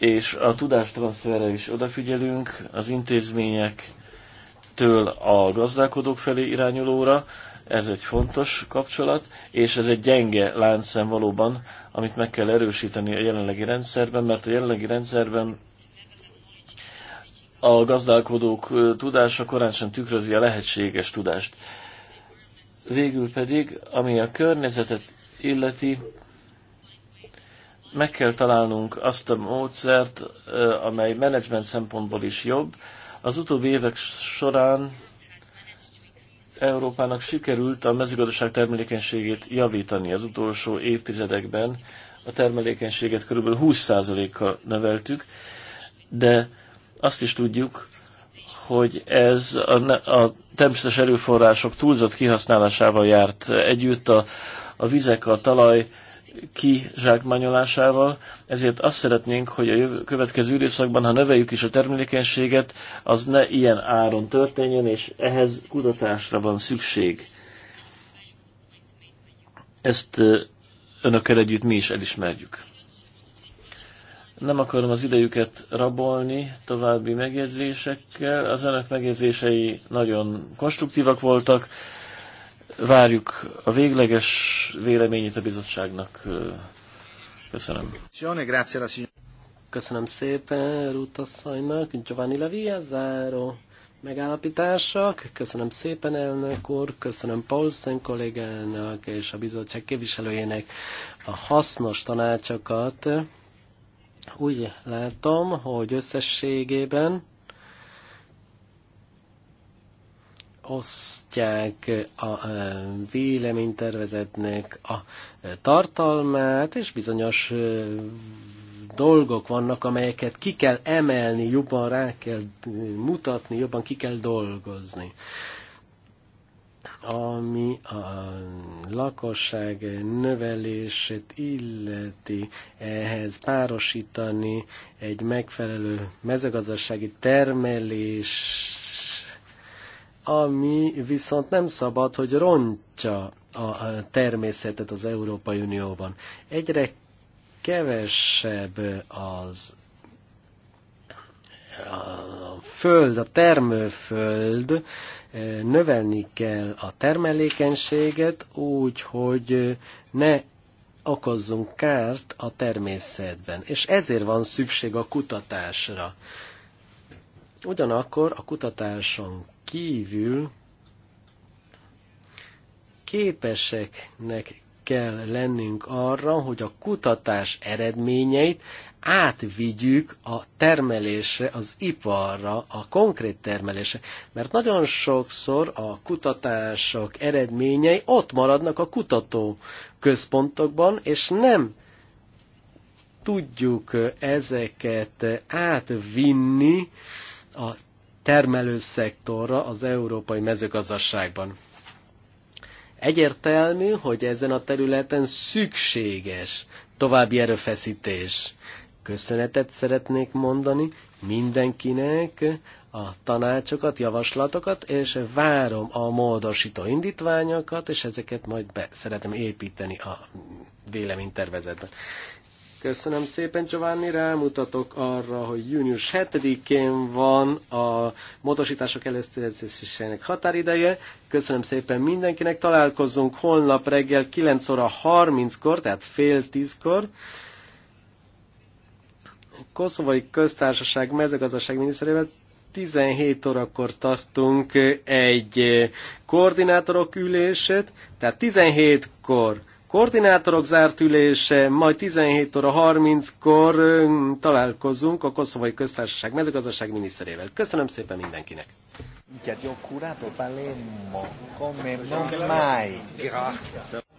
Speaker 2: És a tudástranszferre is odafigyelünk, az intézmények, től a gazdálkodók felé irányulóra, ez egy fontos kapcsolat, és ez egy gyenge láncszem valóban, amit meg kell erősíteni a jelenlegi rendszerben, mert a jelenlegi rendszerben a gazdálkodók tudása korán sem tükrözi a lehetséges tudást. Végül pedig, ami a környezetet illeti, meg kell találnunk azt a módszert, amely menedzsment szempontból is jobb, az utóbbi évek során Európának sikerült a mezőgazdaság termelékenységét javítani. Az utolsó évtizedekben a termelékenységet kb. 20%-kal növeltük, de azt is tudjuk, hogy ez a, a természetes erőforrások túlzott kihasználásával járt együtt, a, a vizek, a talaj, kizsákmányolásával, ezért azt szeretnénk, hogy a jövő, következő időszakban, ha növeljük is a termelékenységet, az ne ilyen áron történjen, és ehhez kutatásra van szükség. Ezt önökkel együtt mi is elismerjük. Nem akarom az idejüket rabolni további megjegyzésekkel. Az önök megjegyzései nagyon konstruktívak voltak Várjuk a végleges véleményét a bizottságnak. Köszönöm.
Speaker 1: Köszönöm szépen Rutasszajnak, Giovanni Lavia, záró megállapítások. Köszönöm szépen elnök úr, köszönöm Paulsen kollégának és a bizottság képviselőjének a hasznos tanácsokat. Úgy látom, hogy összességében osztják a e, véleménytervezetnek a e, tartalmát, és bizonyos e, dolgok vannak, amelyeket ki kell emelni, jobban rá kell mutatni, jobban ki kell dolgozni. Ami a lakosság növelését illeti, ehhez párosítani egy megfelelő mezőgazdasági termelés ami viszont nem szabad, hogy rontja a természetet az Európai Unióban. Egyre kevesebb az a föld, a termőföld, eh, növelni kell a termelékenységet úgy, hogy eh, ne okozzunk kárt a természetben. És ezért van szükség a kutatásra. Ugyanakkor a kutatáson kívül képeseknek kell lennünk arra, hogy a kutatás eredményeit átvigyük a termelésre, az iparra, a konkrét termelésre. Mert nagyon sokszor a kutatások eredményei ott maradnak a kutató központokban, és nem tudjuk ezeket átvinni a termelőszektorra az európai mezőgazdaságban. Egyértelmű, hogy ezen a területen szükséges további erőfeszítés. Köszönetet szeretnék mondani mindenkinek, a tanácsokat, javaslatokat, és várom a módosító indítványokat, és ezeket majd be szeretem építeni a véleménytervezetben. Köszönöm szépen, Giovanni, rámutatok arra, hogy június 7-én van a módosítások elősztelésének határideje. Köszönöm szépen mindenkinek, találkozunk holnap reggel 9 óra 30-kor, tehát fél 10-kor. Koszovai Köztársaság mezőgazdaság miniszterével 17 órakor tartunk egy koordinátorok ülését, tehát 17-kor koordinátorok zárt ülése, majd 17 óra 30-kor találkozunk a Koszovai Köztársaság mezőgazdaság miniszterével. Köszönöm szépen mindenkinek!
Speaker 4: Köszönöm szépen mindenkinek!